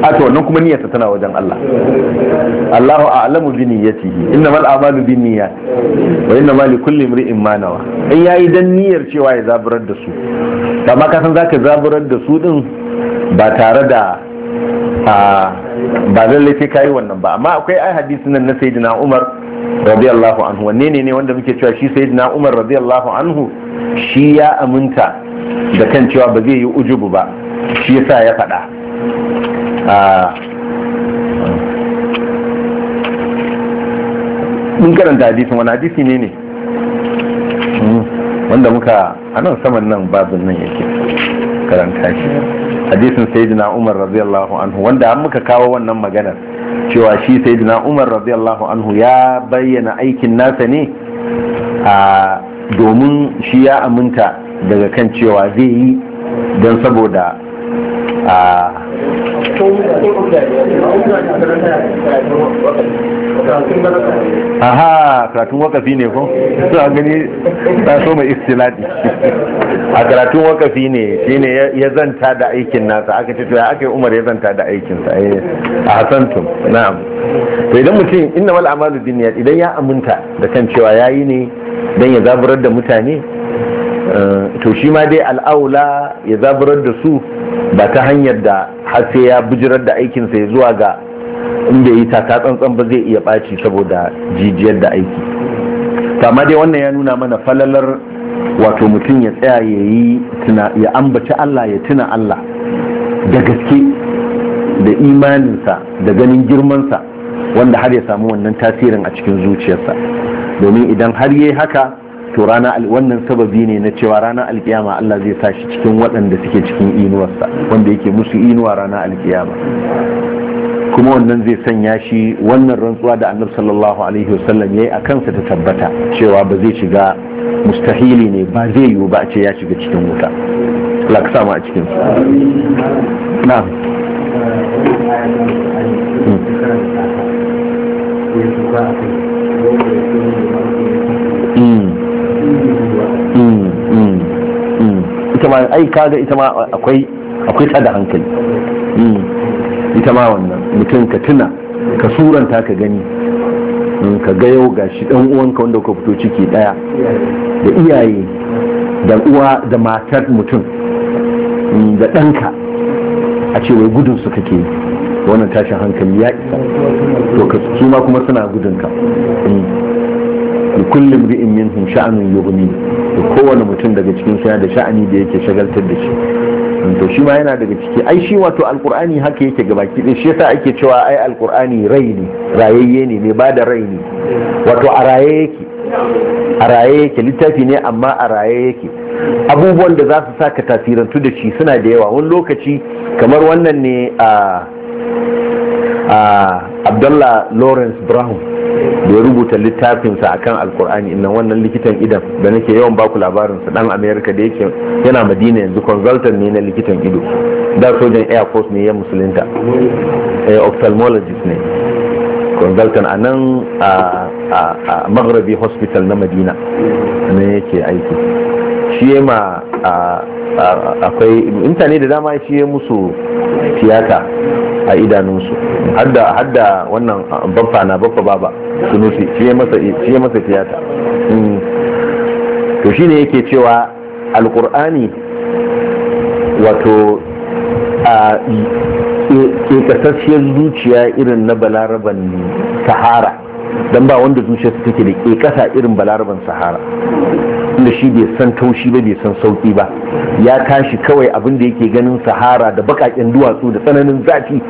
a to wannan kuma niyyarsa tana wajen Allah Allahu a'lamu bi niyyatihi innamal a'malu bi niyyat wa innamal likulli imri'in ma nawa in yayi dan niyyar cewa ya zaburar da su amma ka san zaka zaburar da su din ba tare da ba lallai sai kai wannan ba amma akwai ai hadisin nan na sayyidina Umar radiyallahu anhu wanne ne ne wanda muke cewa shi sayyidina Umar radiyallahu anhu shi ya aminta da kan cewa ba zai yi ujubu ba shi yasa ya faɗa Ah. mun karanta hadisin wani hadisi ne ne hmm. wanda muka a nan saman nan babin nan yake karanta shi hadisin sayyidina umar radiyallahu anhu wanda an muka kawo wannan maganar cewa shi sayyidina umar radiyallahu anhu ya bayyana aikin nasa ne a domin shi ya aminta daga kan cewa zai yi don saboda a aha karatun wakafi ne ko an gani ta so mai istilati a karatun wakafi ne shi ne ya zanta da aikin nasa aka ce to ya aka yi umar ya zanta da aikinsa eh, a hasantum na'am to idan mutum inna mal amalu binniyat idan ya aminta da kan cewa yayi ne dan ya zaburar da mutane Eh, to shi ma dai al'aula ya zaburar da su ba ta hanyar da har sai ya bujirar da aikinsa ya zuwa ga inda yi taka tsantsan ba zai iya ɓaci saboda jijiyar da aiki amma dai wannan ya nuna mana falalar wato mutum ya tsaya ya yi ya ambaci Allah ya tuna Allah da gaske da imaninsa da ganin girmansa wanda har ya samu wannan tasirin a cikin zuciyarsa domin idan har yi haka to rana wannan sababi ne na cewa rana alkiyama Allah zai sa shi cikin waɗanda suke cikin inuwarsa wanda yake musu inuwa rana alkiyama kuma wannan zai sanya shi wannan rantsuwa da annabi sallallahu alaihi wasallam yayi a kansa ta tabbata cewa ba zai shiga mustahili ne ba zai yiwu ba a ce ya shiga cikin wuta Allah ka sama a cikin su na'am Mm. ita ma ai kaga ita ma akwai akwai tada hankali hmm. ita ma wannan mutum ka tuna ka suranta ka gani hmm, ka ga yau gashi dan uwanka wanda ka fito ciki daya da iyaye da uwa da matar mutum hmm, da ɗanka a ce wai gudun su kake wannan tashin hankali ya isa to ka su kuma suna gudun ka kullum ri'in min sha'anun yughni kowane mutum daga cikin shi da sha'ani da yake shagaltar da shi to shi ma yana daga ciki ai shi wato alkur'ani haka yake gabaki din. shi yasa ake cewa ai alkur'ani rai ne rayayye ne mai bada rai ne wato a raye yake a raye yake littafi ne amma a raye yake abubuwan da za su sa ka tasirantu da shi suna da yawa wani lokaci kamar wannan ne a ah, ah, abdullah lawrence brown da ya rubuta littafinsa akan alkur'ani inna wannan likitan idan da nake yawan baku labarin sa dan amerika da yake yana madina yanzu consultant ne na likitan ido da sojan air force ne ya musulunta eh, ophthalmologist ne consultant a nan a maghrabi hospital na madina ne yake aiki shi ma akwai intanet da dama shi ya musu tiyata a idanunsu hadda hadda wannan baffa na baffa baba su shi masa shi ya masa tiyata hmm. to shine yake cewa alqur'ani wato a ke zuciya irin na balaraban sahara Don ba wanda su take da ke kasa irin balaraban sahara inda shi bai san taushi ba bai san sauki ba ya tashi kawai abin da yake ganin sahara da baƙaƙen duwatsu da tsananin zafi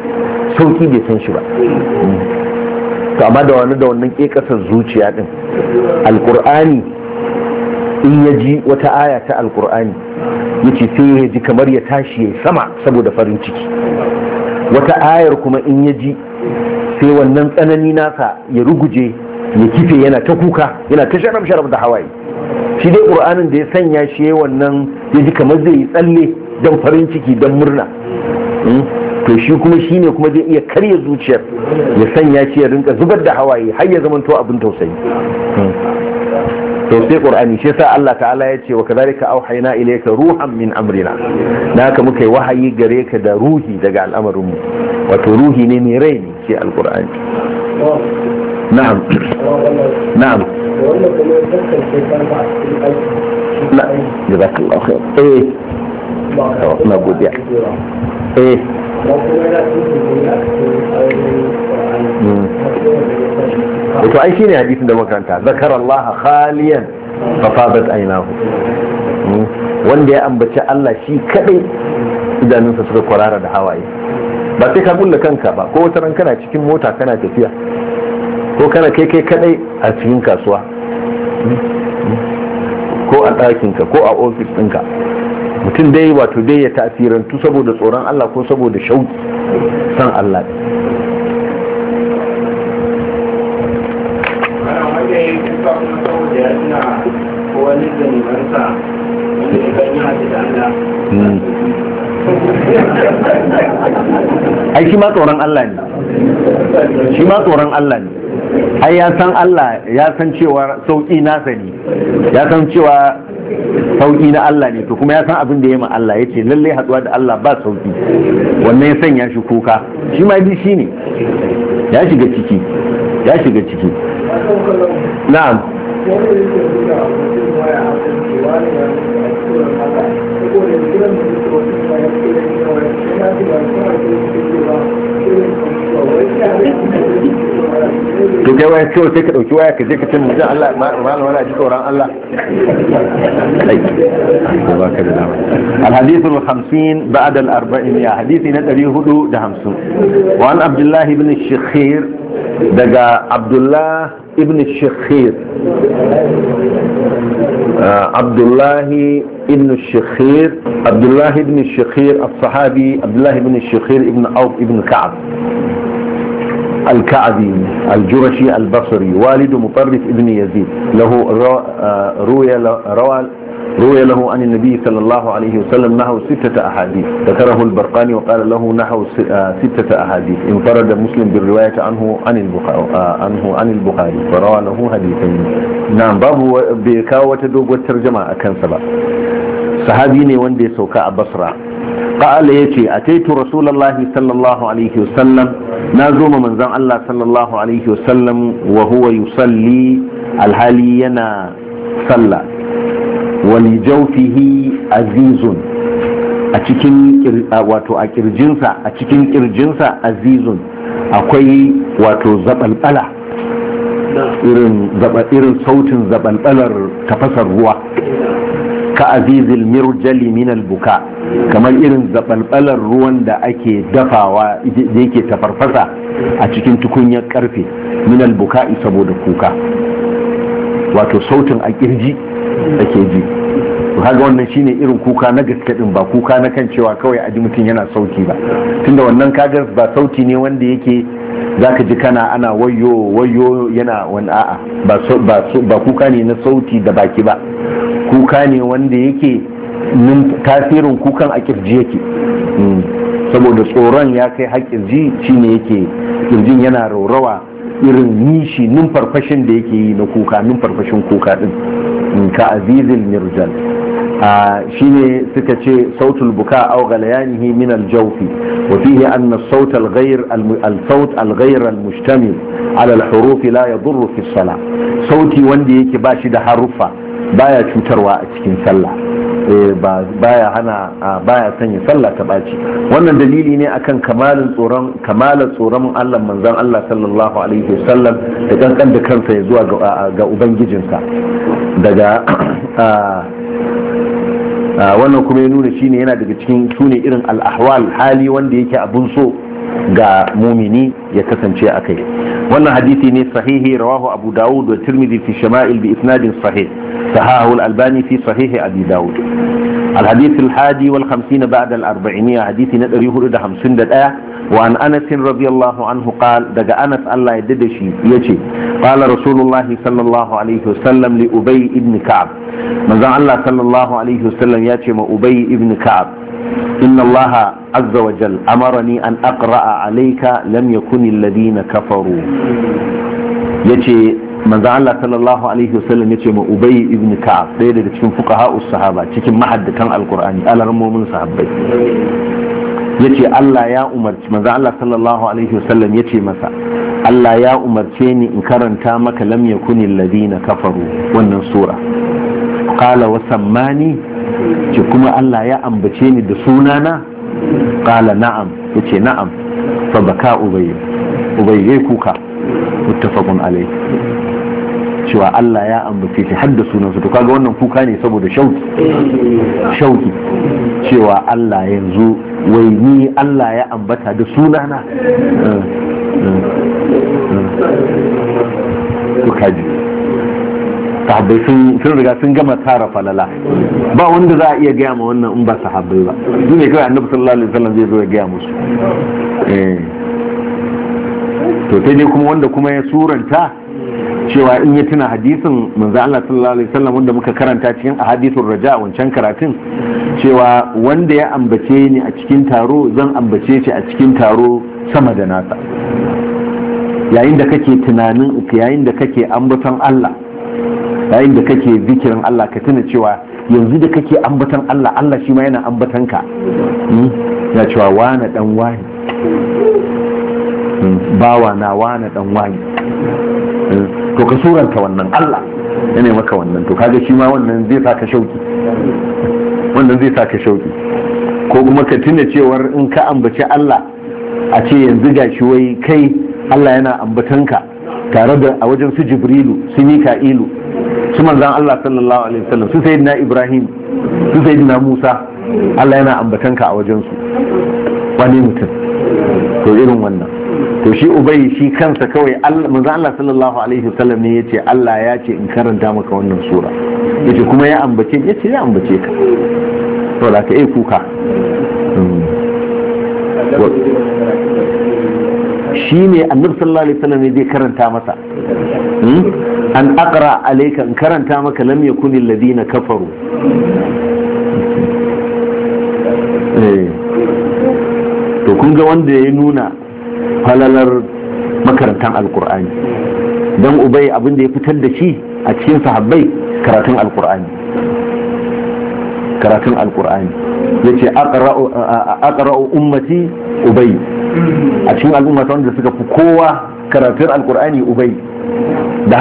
sauki bai san shi ba to amma da wani da wannan ke kasar zuciya din alkur'ani in ya ji wata aya ta alkur'ani yace sai ya ji kamar ya tashi ya sama saboda farin ciki wata ayar kuma in ya ji sai wannan tsanani nasa ya ruguje ya kife yana ta kuka yana ta sharab sharab da hawaye shi dai ƙur'anin da ya sanya shi ya wannan ya ji kamar zai yi tsalle don farin ciki don murna hmm? to shi kuma shi ne kuma zai iya karya zuciyar ya sanya shi ya rinka zubar da hawaye har ya zamanto abin tausayi hmm. to sai qur'ani shi sa Allah ta'ala ya ce wa kadhalika auhayna ilayka ruhan min amrina da haka muka yi wahayi gare ka da ruhi daga al'amarin mu wato ruhi ne mai rai ne shi alqur'ani na'am na'am na jazakallahu eh na godiya eh wato ai shine hadisin da makaranta zakarallaha khaliyan fa fadat aynahu hmm? wanda ya ambaci Allah shi kadai idanunsa suka kwarara da hawaye ba sai ka kulle kanka ba ko wata ran kana cikin mota kana tafiya ko kana kai kai kadai a cikin kasuwa hmm? ko a ɗakinka ko a ofis ɗinka mutum dai wato dai ya tasirantu saboda tsoron Allah ko saboda shauki san Allah ai shi ma tsoron Allah ne shi ma tsoron Allah ne ai ya san Allah ya san cewa sauƙi nasa ne ya san cewa sauƙi na Allah ne to kuma ya san abin da ya ma Allah ya ce lallai haɗuwa da Allah ba sauƙi wannan ya sanya shi kuka shi ma bi shi ne ya shiga ciki ya shiga ciki نعم to kai waya kawai sai ka ɗauki waya ka je ka canza jan Allah malam wani ji tsoron Allah ba ka da dama الحديث الخمسين بعد الأربعمية حديث نتري هدو دهمسون وعن wa an abdullahi bin دقى daga abdullah ابن الشخير آه، عبد الله ابن الشخير عبد الله ابن الشخير الصحابي عبد الله ابن الشخير ابن أوف ابن كعب الكعبي الجرشي البصري والد مطرف ابن يزيد له آه، روى روي له عن النبي صلى الله عليه وسلم نحو ستة أحاديث ذكره البرقاني وقال له نحو ستة أحاديث انفرد مسلم بالرواية عنه عن البخاري عنه عن البخاري فروى له حديثين نعم باب بكاوة دوب والترجمة أكن سبا صحابي ne wanda ya sauka a Basra قال يتي أتيت رسول الله صلى الله عليه وسلم نازوم من زم الله صلى الله عليه وسلم وهو يصلي الحالي ينا صلى walijaufihi azizun a cikin wato a kirjinsa a cikin ƙirjinsa azizun akwai wato zabalbala irin sautin zabalbalar tafasar ruwa ka azizil mirjali min buka kamar irin zabalbalar ruwan da ake dafawa da yake tafarfasa a cikin tukunyar karfe min buka'i saboda kuka wato sautin a ƙirji. ake ji haga wannan shine irin kuka na gaske din ba kuka na kan cewa kawai aji mutum yana sauti ba tunda wannan kaga ba sauti ne wanda yake zaka ji kana ana wayo wayo yana wani a'a ba kuka ne na sauti da baki ba kuka ne wanda yake tasirin kukan a kirji yake hmm. saboda tsoron ya kai haƙƙin ji shine yake kirjin yana raurawa irin nishi numfarfashin da yake yi na kuka numfarfashin kuka din ka azizil mirjal shine suka ce sautul buka aw yanihi min al-jawf wa fihi anna saut sawt al-ghayr al ala la yadurru fi as sauti wanda yake bashi da haruffa baya cutarwa a cikin sallah Eh, baya hana baya sanya sallah ta baci wannan dalili ne akan kamalin tsoron kamalar tsoron Allah manzon Allah sallallahu alaihi wasallam da kankan da kansa ya zuwa ga ubangijinsa daga wannan kuma ya nuna shine yana daga cikin sune irin al'ahwal hali wanda yake abun so ga mumini ya kasance a kai wannan hadisi ne sahihi rawahu abu dawud wa tirmidhi fi shama'il bi isnadin sahih صححه الألباني في صحيح أبي داود الحديث الحادي والخمسين بعد الأربعمية حديث ندري هرد خمسين دقاء وعن أنس رضي الله عنه قال دقى أنس الله يددشي يجي قال رسول الله صلى الله عليه وسلم لأبي ابن كعب من الله صلى الله عليه وسلم يجي ما أبي ابن كعب إن الله عز وجل أمرني أن أقرأ عليك لم يكن الذين كفروا يجي manzo Allah sallallahu alaihi wasallam yace ma Ubay ibn Ka'ab ɗaya daga cikin fuqaha'us sahaba cikin mahaddatan alqur'ani alarmomin sahabbai yace Allah ya umarci manzo Allah sallallahu alaihi wasallam yace masa Allah ya umarce ni in karanta maka lam yakunil ladina kafaru wannan sura qala wa sammani ce kuma Allah ya ambace ni da sunana qala na'am yace na'am fa baka ubay ubay yayi kuka muttafaqun alaihi cewa Allah ya ambace shi har da sunansa to kaga wannan kuka ne saboda shauki shauki cewa Allah yanzu wai ni Allah ya ambata da sunana to kaji sahabbai sun riga sun gama tara falala ba wanda za a iya gaya ma wannan in ba sahabbai ba su ne kawai annabi sallallahu alaihi wasallam zai zo ya gaya musu eh. to sai ne kuma wanda kuma ya suranta cewa in ya tuna hadisin manzo Allah sallallahu alaihi wasallam wanda muka karanta cikin ahadithur raja wancan karatun cewa wanda ya ambace ni a cikin taro zan ambace shi a cikin taro sama da nasa yayin da kake tunanin yayin da kake ambaton Allah yayin da kake zikirin Allah ka tuna cewa yanzu da kake ambaton Allah Allah shi ma yana ambaton ka hmm? ya cewa wane dan wani hmm? bawa na wane dan wani hmm? to ka suranta wannan Allah ya ne maka wannan to kaga shi ma wannan zai sa ka shauki wannan zai sa ka shauki ko kuma ka tuna cewar in ka ambaci Allah a ce yanzu gashi wai kai Allah yana ambatan ka tare da a wajen su Jibrilu su Mika'ilu su manzan Allah sallallahu alaihi wasallam su sayyidina Ibrahim su sayyidina Musa Allah yana ambatan ka a wajen su wani mutum to irin wannan to shi ubai shi kansa kawai manzo Allah sallallahu alaihi wasallam ne yace Allah ya ce in karanta maka wannan sura yace kuma ya ambace yace ya ambace ka to da ka yi kuka hmm. shi ne annabi sallallahu alaihi wasallam ne zai karanta masa hmm? an aqra alayka in karanta maka lam yakuni alladhina kafaru eh. to kun ga wanda ya nuna falalar makarantar alkur'ani don ubai abin da ya fitar da shi a cikin sahabbai karatun alkur'ani karatun alkur'ani ya ce aqra'u ummati ubai a cikin al'ummata wanda suka fi kowa karatun alkur'ani ubai da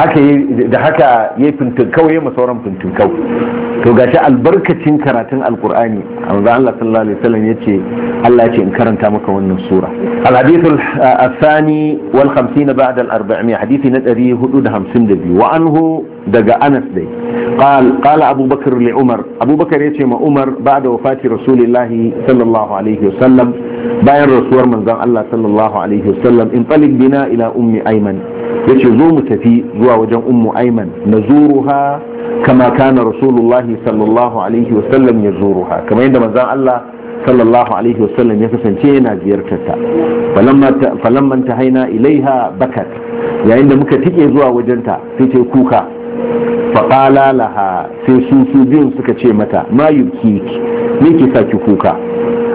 haka da ya fintinkau ya masauran fintinkau to gashi albarkacin karatun alkur'ani manzo Allah sallallahu alaihi wasallam ce Allah ce in karanta maka wannan sura alhadith al-thani wal 50 ba'da al-400 hadithi na 452 wa anhu daga Anas dai قال قال أبو بكر لعمر أبو بكر يتيم عمر بعد وفاة رسول الله صلى الله عليه وسلم باين رسول من الله صلى الله عليه وسلم انطلق بنا إلى أم أيمن ya ce zo mu tafi zuwa wajen ummu aiman na zuruha kama kana rasulullahi sallallahu alaihi wasallam ya zuruha kamar yadda manzan Allah sallallahu alaihi wasallam ya kasance yana ziyartarta falamman ta haina ilaiha bakat yayin da muka tike zuwa wajenta sai ce kuka faƙala laha sai su su biyun suka ce mata ma yubki me ke sa kuka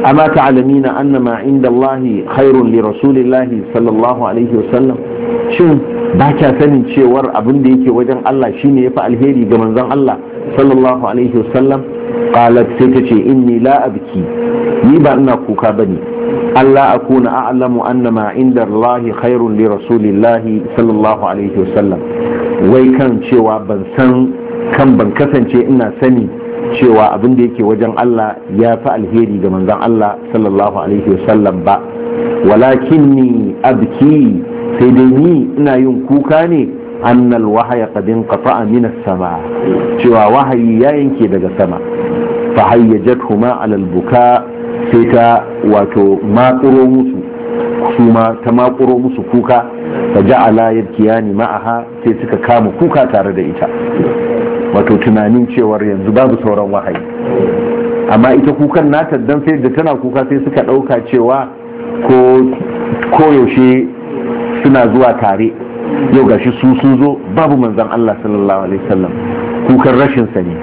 amma ta'lamina anna annama inda Allah khairun li rasulillahi sallallahu alaihi wasallam shin ba kya sanin cewar abin da yake wajen Allah shine yafi alheri ga manzon Allah sallallahu alaihi wasallam qalat sai tace inni la abki ni ba ina kuka bane Allah akuna a'lamu anna ma inda Allah khairun li rasulillah sallallahu alaihi wasallam wai kan cewa ban san kan ban kasance ina sani cewa abin da yake wajen Allah ya fi alheri ga manzon Allah sallallahu alaihi wasallam ba walakin abki sai dai ni ina yin kuka ne annal wahaya kadin qata'a min sama cewa wahayi ya yanke daga sama fa hayyajathuma ala al-buka sai ta wato makuro musu ma ta makuro musu kuka fa ja'ala yabkiyani ma'aha sai suka kama kuka tare da ita wato tunanin cewar yanzu babu sauran wahayi amma ita kukan nata dan sai da tana kuka sai suka dauka cewa ko koyaushe suna zuwa tare yau gashi su sun zo babu manzon Allah sallallahu alaihi wasallam kukan rashin sa ne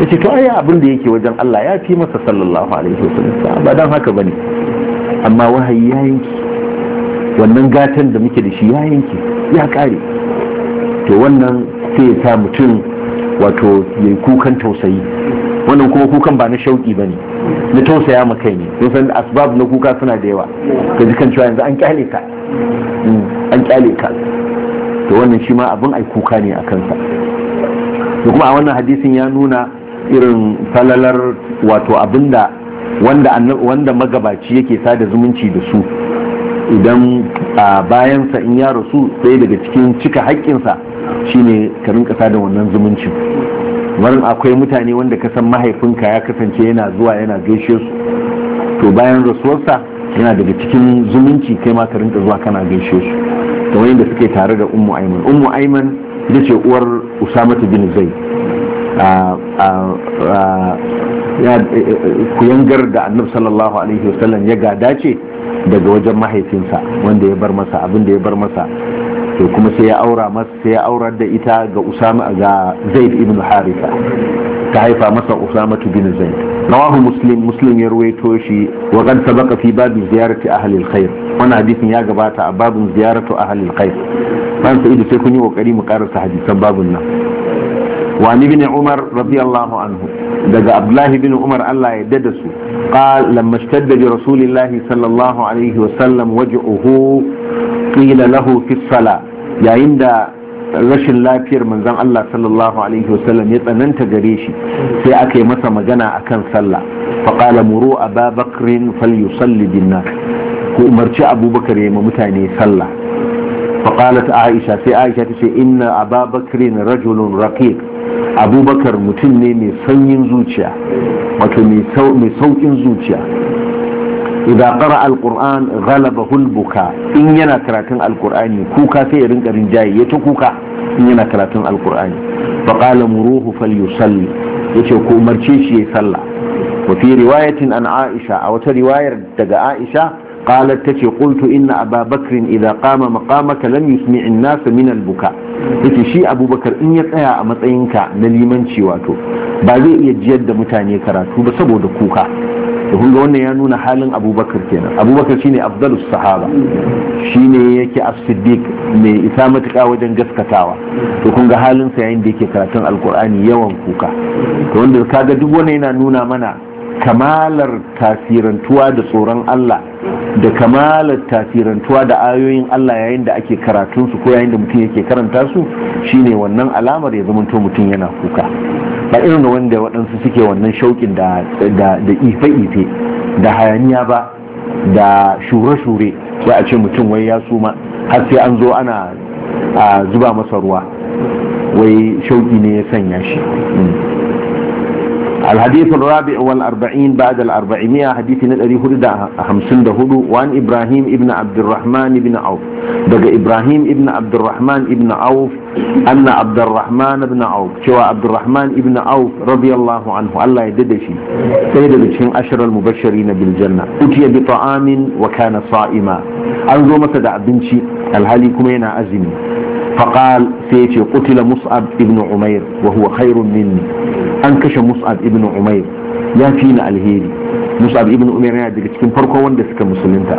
yace to ai abin da yake wajen Allah ya fi masa sallallahu alaihi wasallam ba dan haka bane amma wahayi ya yanki wannan gatan da muke da shi ya yanki ya kare to wannan sai ya sa mutum wato ya kukan tausayi wannan kuma kukan ba na shauki bane ne na tausaya ma kai ne san asbab na kuka suna da yawa ka ji kan cewa yanzu an kyale ka an kyale ka to wannan shi ma abin ai kuka ne a kansa to kuma a wannan hadisin ya nuna irin falalar wato abinda wanda wanda magabaci yake sada zumunci da su idan a bayansa in ya rasu ɗaya daga cikin cika haƙƙinsa shine ka rinka sada wannan zumuncin marin akwai mutane wanda ka san mahaifinka ya kasance yana zuwa yana gaishe su to bayan rasuwarsa yana daga cikin zumunci kai ma ka rinka zuwa kana gaishe su kamar yadda suke tare da ummu aiman ummu aiman ita ce uwar usama bin zai eh, eh, kuyangar da annab sallallahu alaihi wasallam ya gada ce daga wajen mahaifinsa wanda ya bar masa abinda ya bar masa to kuma sai ya aura masa sai ya aura da ita ga usama ga zaid ibn haritha ta haifa masa usama bin zaid rawahu muslim muslim ya ruwaito shi wa kan sabaqa fi babu ziyarati ahli alkhair wannan hadisin ya gabata a babun ziyaratu ahli alkhair ban sai sai kun yi kokari mu karanta hadisan babun nan wa ibn umar radiyallahu anhu daga abdullahi bin umar allah ya dada su qal lamma ishtadda bi rasulillahi sallallahu alaihi wa sallam waj'uhu qila lahu fi sala yayin da rashin lafiyar manzon Allah sallallahu alaihi wasallam ya tsananta gare shi sai aka yi masa magana akan sallah fa qala muru aba bakrin falyusalli bin nas ku umarci abubakar ya mutane sallah fa qalat aisha sai aisha ta ce inna aba bakrin rajulun raqiq abubakar mutum ne mai sanyin zuciya wato mai saukin zuciya idan ƙara alkur'an ghalaba buka in yana karatun alkur'ani kuka sai ya rinka rin jaye ya ta kuka in yana karatun alkur'ani fa qala muruhu fal yusalli yace ko umarce shi yayi sallah wa riwayatin an aisha a wata riwayar daga aisha qalat tace qultu inna aba bakr idha qama maqamaka lam yusmi' an-nas buka yace shi abubakar in ya tsaya a matsayinka na limanci wato ba zai iya jiyar da mutane karatu ba saboda kuka kun ga wannan ya nuna halin abubakar kenan abubakar shine afdalus sahaba shine yake as-siddiq mai isa matuka wajen gaskatawa to kun ga halin sa yayin da yake karatun al'kur'ani yawan kuka to wanda kaga duk wannan yana nuna mana kamalar tasirantuwa da tsoron Allah da kamalar tasirantuwa da ayoyin Allah yayin da ake karatun su ko yayin da mutum yake karanta su shine wannan alamar ya zamanto mutum yana kuka ba irin wanda waɗansu suke wannan shauƙin da ife-ife da hayaniya ba da shure-shure wai a ce mutum wai ya suma har sai an zo ana zuba masa ruwa wai shauƙi ne ya sanya shi hmm. الحديث الرابع والأربعين بعد الأربعمائة حديث الذي هردا خمسين دهدو وان إبراهيم ابن عبد الرحمن ابن عوف بقى إبراهيم ابن عبد الرحمن ابن عوف أن عبد الرحمن ابن عوف شو عبد الرحمن ابن عوف رضي الله عنه الله يددشي سيد بشين أشر المبشرين بالجنة أتي بطعام وكان صائما أنظر مسدع بنشي الهالي كمينا أزمي فقال سيتي قتل مصعب ابن عمير وهو خير مني an kashe mus'ab ibn umair ya fi ni alheri mus'ab ibn umair yana daga cikin farko wanda suka musulunta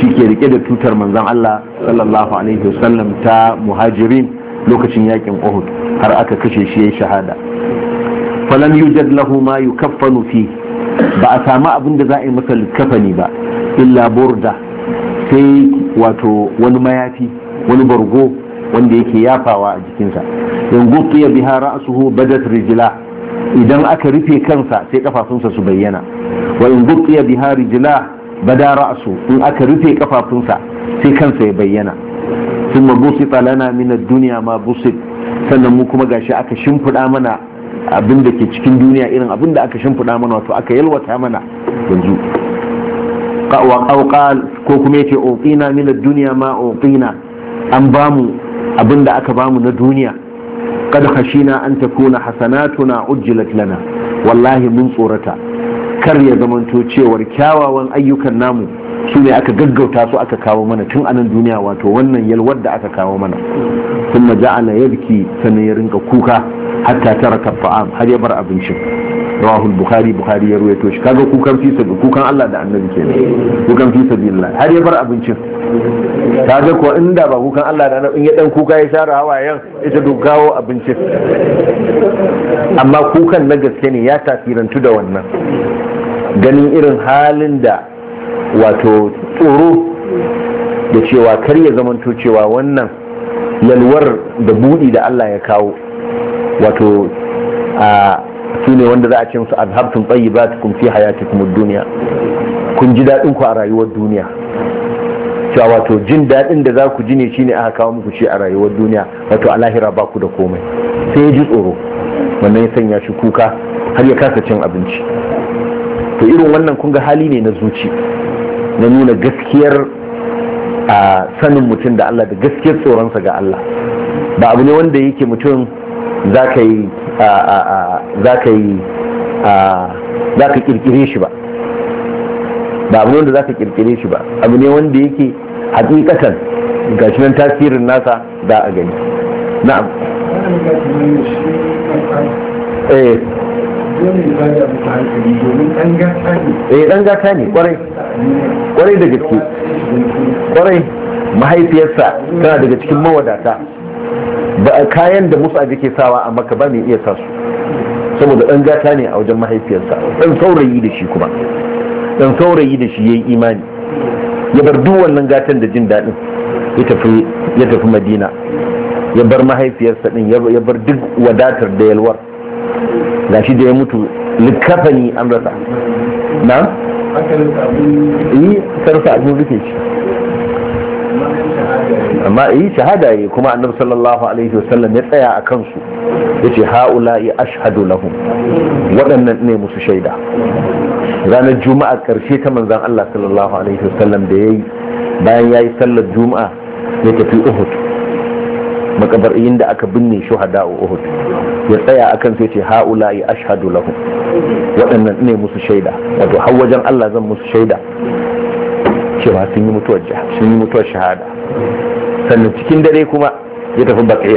shi ke rike da tutar manzon Allah sallallahu alaihi wasallam ta muhajirin lokacin yakin Uhud har aka kashe shi yayin shahada falam yujad lahu ma yukaffanu fi ba a samu abin da za a yi masa kafani ba illa burda sai wato wani mayafi wani bargo wanda yake yafawa a jikinsa in guqiya biha ra'suhu badat rijla idan aka rufe kansa sai kafafunsa su bayyana wa in buqiya biha rijlah bada ra'su in aka rufe kafafunsa sai kansa ya bayyana sun busita lana min ad-dunya ma busit sannan mu kuma gashi aka shimfida mana abin ke cikin duniya irin abin da aka shimfida mana wato aka yalwata mana yanzu qawqal ko kuma yace uqina min ad-dunya ma uqina an bamu abinda aka bamu na duniya qad khashina an takuna hasanatuna ujjilat lana wallahi mun tsorata kar ya zamanto cewar kyawawan ayyukan namu su ne aka gaggauta su aka kawo mana tun anan duniya wato wannan yalwar da aka kawo mana sun ja'ala yabki sannan ya rinka kuka hatta tara kafa'am har ya bar abincin rawahu bukhari bukhari ya ruwaito shi kaga kukan fi sabi kukan Allah da annabi kenan kukan fi Allah har ya bar abincin kaga ko inda ba kukan Allah da annabi in ya dan kuka ya share hawayen ita dogawo abincin amma kukan na gaske ne ya tasirantu da wannan ganin irin halin da wato tsoro da cewa kar ya zamanto cewa wannan yalwar da buɗi da Allah ya kawo wato a su ne wanda za a ce musu azhabtum tayyibatukum fi hayatikum ad-dunya kun ji dadin ku a rayuwar duniya cewa wato jin dadin da za ku ji ne shine aka kawo muku shi a rayuwar duniya wato a lahira ba ku da komai sai ya ji tsoro wannan ya sanya shi kuka har ya kasa cin abinci to irin wannan kun ga hali ne na zuci na nuna gaskiyar a sanin mutum da Allah da gaskiyar tsoronsa ga Allah ba abu ne wanda yake mutum za ka yi za ka kirkire shi ba ba abu ne wanda za ka kirkire shi ba abu ne wanda yake hakikatan gashi nan tasirin nasa za a gani na'am eh dan eh, gata ne kwarai kwarai da gaske kwarai mahaifiyarsa tana daga cikin mawadata kayan da musa ke sawa a maka ba ne iya sa su saboda dan gata ne a wajen mahaifiyarsa dan saurayi da shi kuma dan saurayi da shi yayi imani ya bar duk wannan gatan da jin daɗin ya tafi ya tafi madina ya bar mahaifiyarsa din ya bar duk wadatar da yalwar gashi da ya mutu likafani an rasa na? Yi sarsa eh, abin rufe shi. amma yi shahada yi kuma annabi sallallahu alaihi wasallam ya tsaya a kansu ya ce ha'ula'i ashadu lahum waɗannan ne musu shaida ranar juma'a ƙarshe ta manzan Allah sallallahu alaihi wasallam da ya yi, bayan ya yi sallar juma'a ya tafi Uhud makabar da aka binne shuhada a Uhud ya tsaya a kansu ya ce ha'ula'i ashadu lahum waɗannan ne musu shaida wato har wajen Allah zan musu shaida cewa sun yi mutuwar shahada sannan cikin dare kuma ya tafi baƙi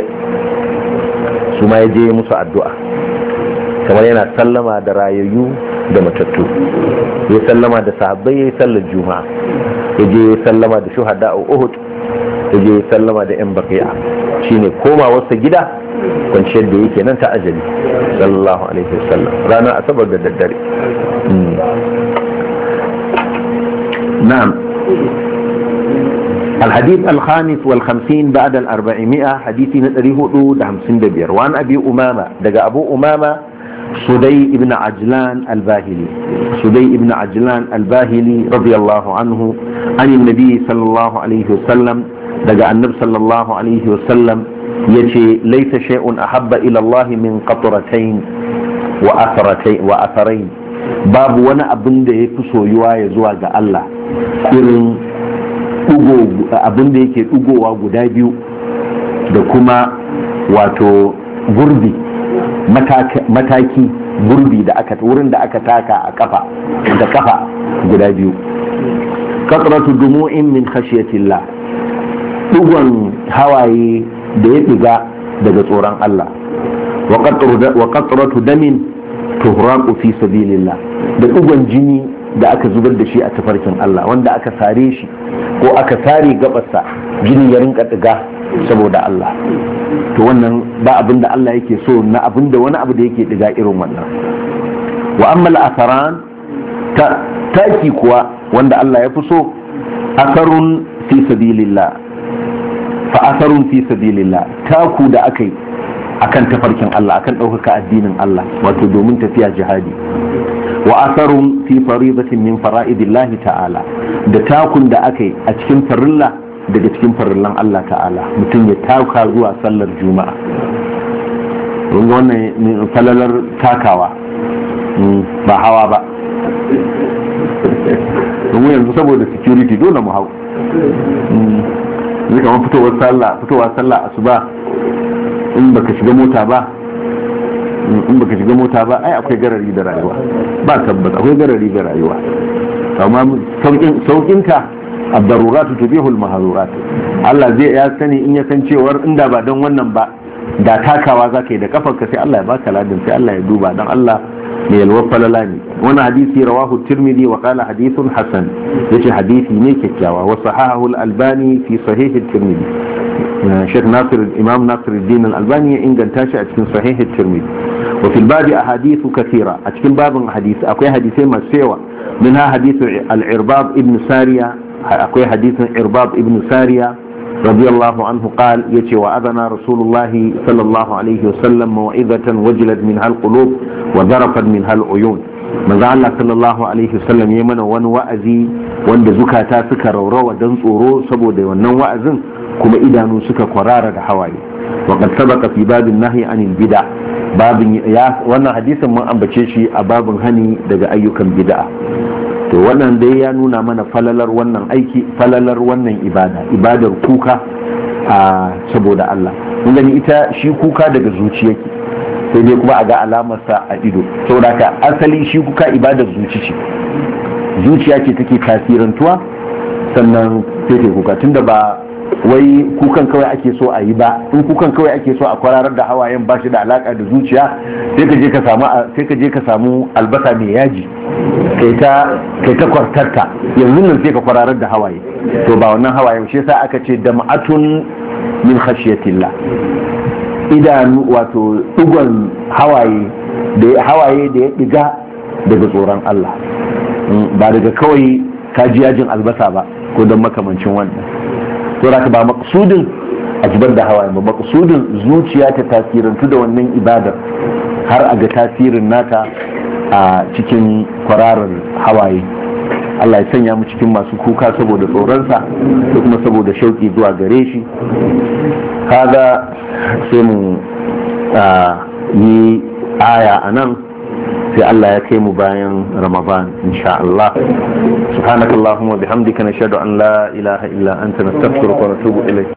su ma ya je musu addu'a kamar yana sallama da rayayyu da matattu ya sallama da sahabbai ya yi sallar juma'a ya je ya sallama da shuhada a uhud ya je sallama da yan Shi ne koma wasu gida kwanciyar da yake nan ta ajali sallallahu alaihi wasallam ranar asabar da daddare hmm. na'am الحديث الخامس والخمسين بعد الأربعمائة حديث نتريه أود همسين دبير وعن أبي أمامة دقى أبو أمامة صدي ابن عجلان الباهلي صدي ابن عجلان الباهلي رضي الله عنه عن النبي صلى الله عليه وسلم دقى النبي صلى الله عليه وسلم يجي ليس شيء أحب إلى الله من قطرتين وأثرتين وأثرين باب وانا أبن ده يفسو يواي زواج الله إن abin da yake dugowa guda biyu da kuma wato gurbi mataki gurbi da aka wurin da aka taka a kafa da kafa guda biyu kasratu dumu'in min khashiyatillah dugon hawaye da ya diga daga tsoron Allah wa katsaratu damin tuhraqu fi sabilillah da dugon jini da aka zubar da shi a tafarkin Allah wanda aka sare shi ko aka sare gabarsa jini ya rinka diga saboda Allah to wannan ba abin da Allah yake so na abin da wani abu da yake diga irin wannan wa amma al'asaran ta taki kuwa wanda Allah ya fi so asarun fi sabilillah fa asarun fi sabilillah taku da aka yi akan tafarkin Allah akan ɗaukaka addinin Allah wato domin tafiya jihadi wa asarun fi faridatin min fara'idillahi ta'ala da takun da aka yi a cikin farilla daga cikin farillan Allah ta'ala mutum ya taka zuwa sallar juma'a wannan falalar takawa hmm, ba hawa ba domin yanzu saboda security dole mu hau hmm, zai kama fitowar sallah fitowar sallah asuba in baka shiga mota ba in baka shiga mota ba ai akwai garari da rayuwa ba tabbas akwai garari da rayuwa amma saukin ka abdaruratu tubihu almahzurat Allah zai ya sani in ya san cewa inda ba dan wannan ba da takawa zaka yi da ka sai Allah ya baka ladin sai Allah ya duba dan Allah mai alwafa falala ne wani hadisi rawahu tirmidhi wa qala hadithun hasan yace hadisi ne kyakkyawa wa sahahu albani fi sahih tirmidhi Sheikh Nasir Imam Nasiru Din albani ya inganta shi a cikin sahih tirmidhi wa fil babi ahadithu kasira a cikin babin hadisi akwai hadisai masu yawa min ha hadithu al-irbab ibn sariya akwai hadisin irbab ibnu sariya radiyallahu anhu ya ce wa adana rasulullah sallallahu alaihi wasallam maw'izatan wajilat min hal qulub wa darafat min hal uyun manzo sallallahu alaihi wasallam ya mana wani wa'azi wanda zukata suka raurawa dan tsoro saboda wannan wa'azin kuma idanu suka kwarara da hawaye وقد سبق في باب النهي عن البدع باب يا وانا حديث من ambace shi a babin hani daga ayyukan bid'a to wannan dai ya nuna mana falalar wannan aiki falalar wannan ibada ibadar kuka a saboda Allah kun ita shi kuka daga zuciya sai dai kuma a ga alamar sa a ido saboda ka asali shi kuka ibadar zuci ce zuciya ce take tasirantuwa sannan sai kuka tunda ba wai kukan kawai ake so a yi ba in kukan kawai ake so a kwararar da hawayen ba shi da alaka da zuciya sai ka je ka samu albasa mai yaji kai ta kai ta kwartarta yanzu nan sai ka kwararar da hawaye to ba wannan hawaye shi yasa aka ce da ma'atun min khashiyatillah idanu wato dugon hawaye da hawaye da ya diga daga tsoron Allah hmm, ba daga kawai ka ji yajin albasa ba ko don makamancin wannan saboda ba maƙasudin a zubar da hawaye ba maƙasudin zuciya ta tasirantu da wannan ibadar har a ga tasirin nata a cikin kwararar hawaye Allah ya sanya mu cikin masu kuka saboda tsoronsa da kuma saboda shauki zuwa gare shi kaga sai mu yi aya a nan sai Allah ya kai mu bayan Ramadan insha Allah subhanakallahumma bihamdika nashhadu an la ilaha illa anta nastaghfiruka wa natubu ilayk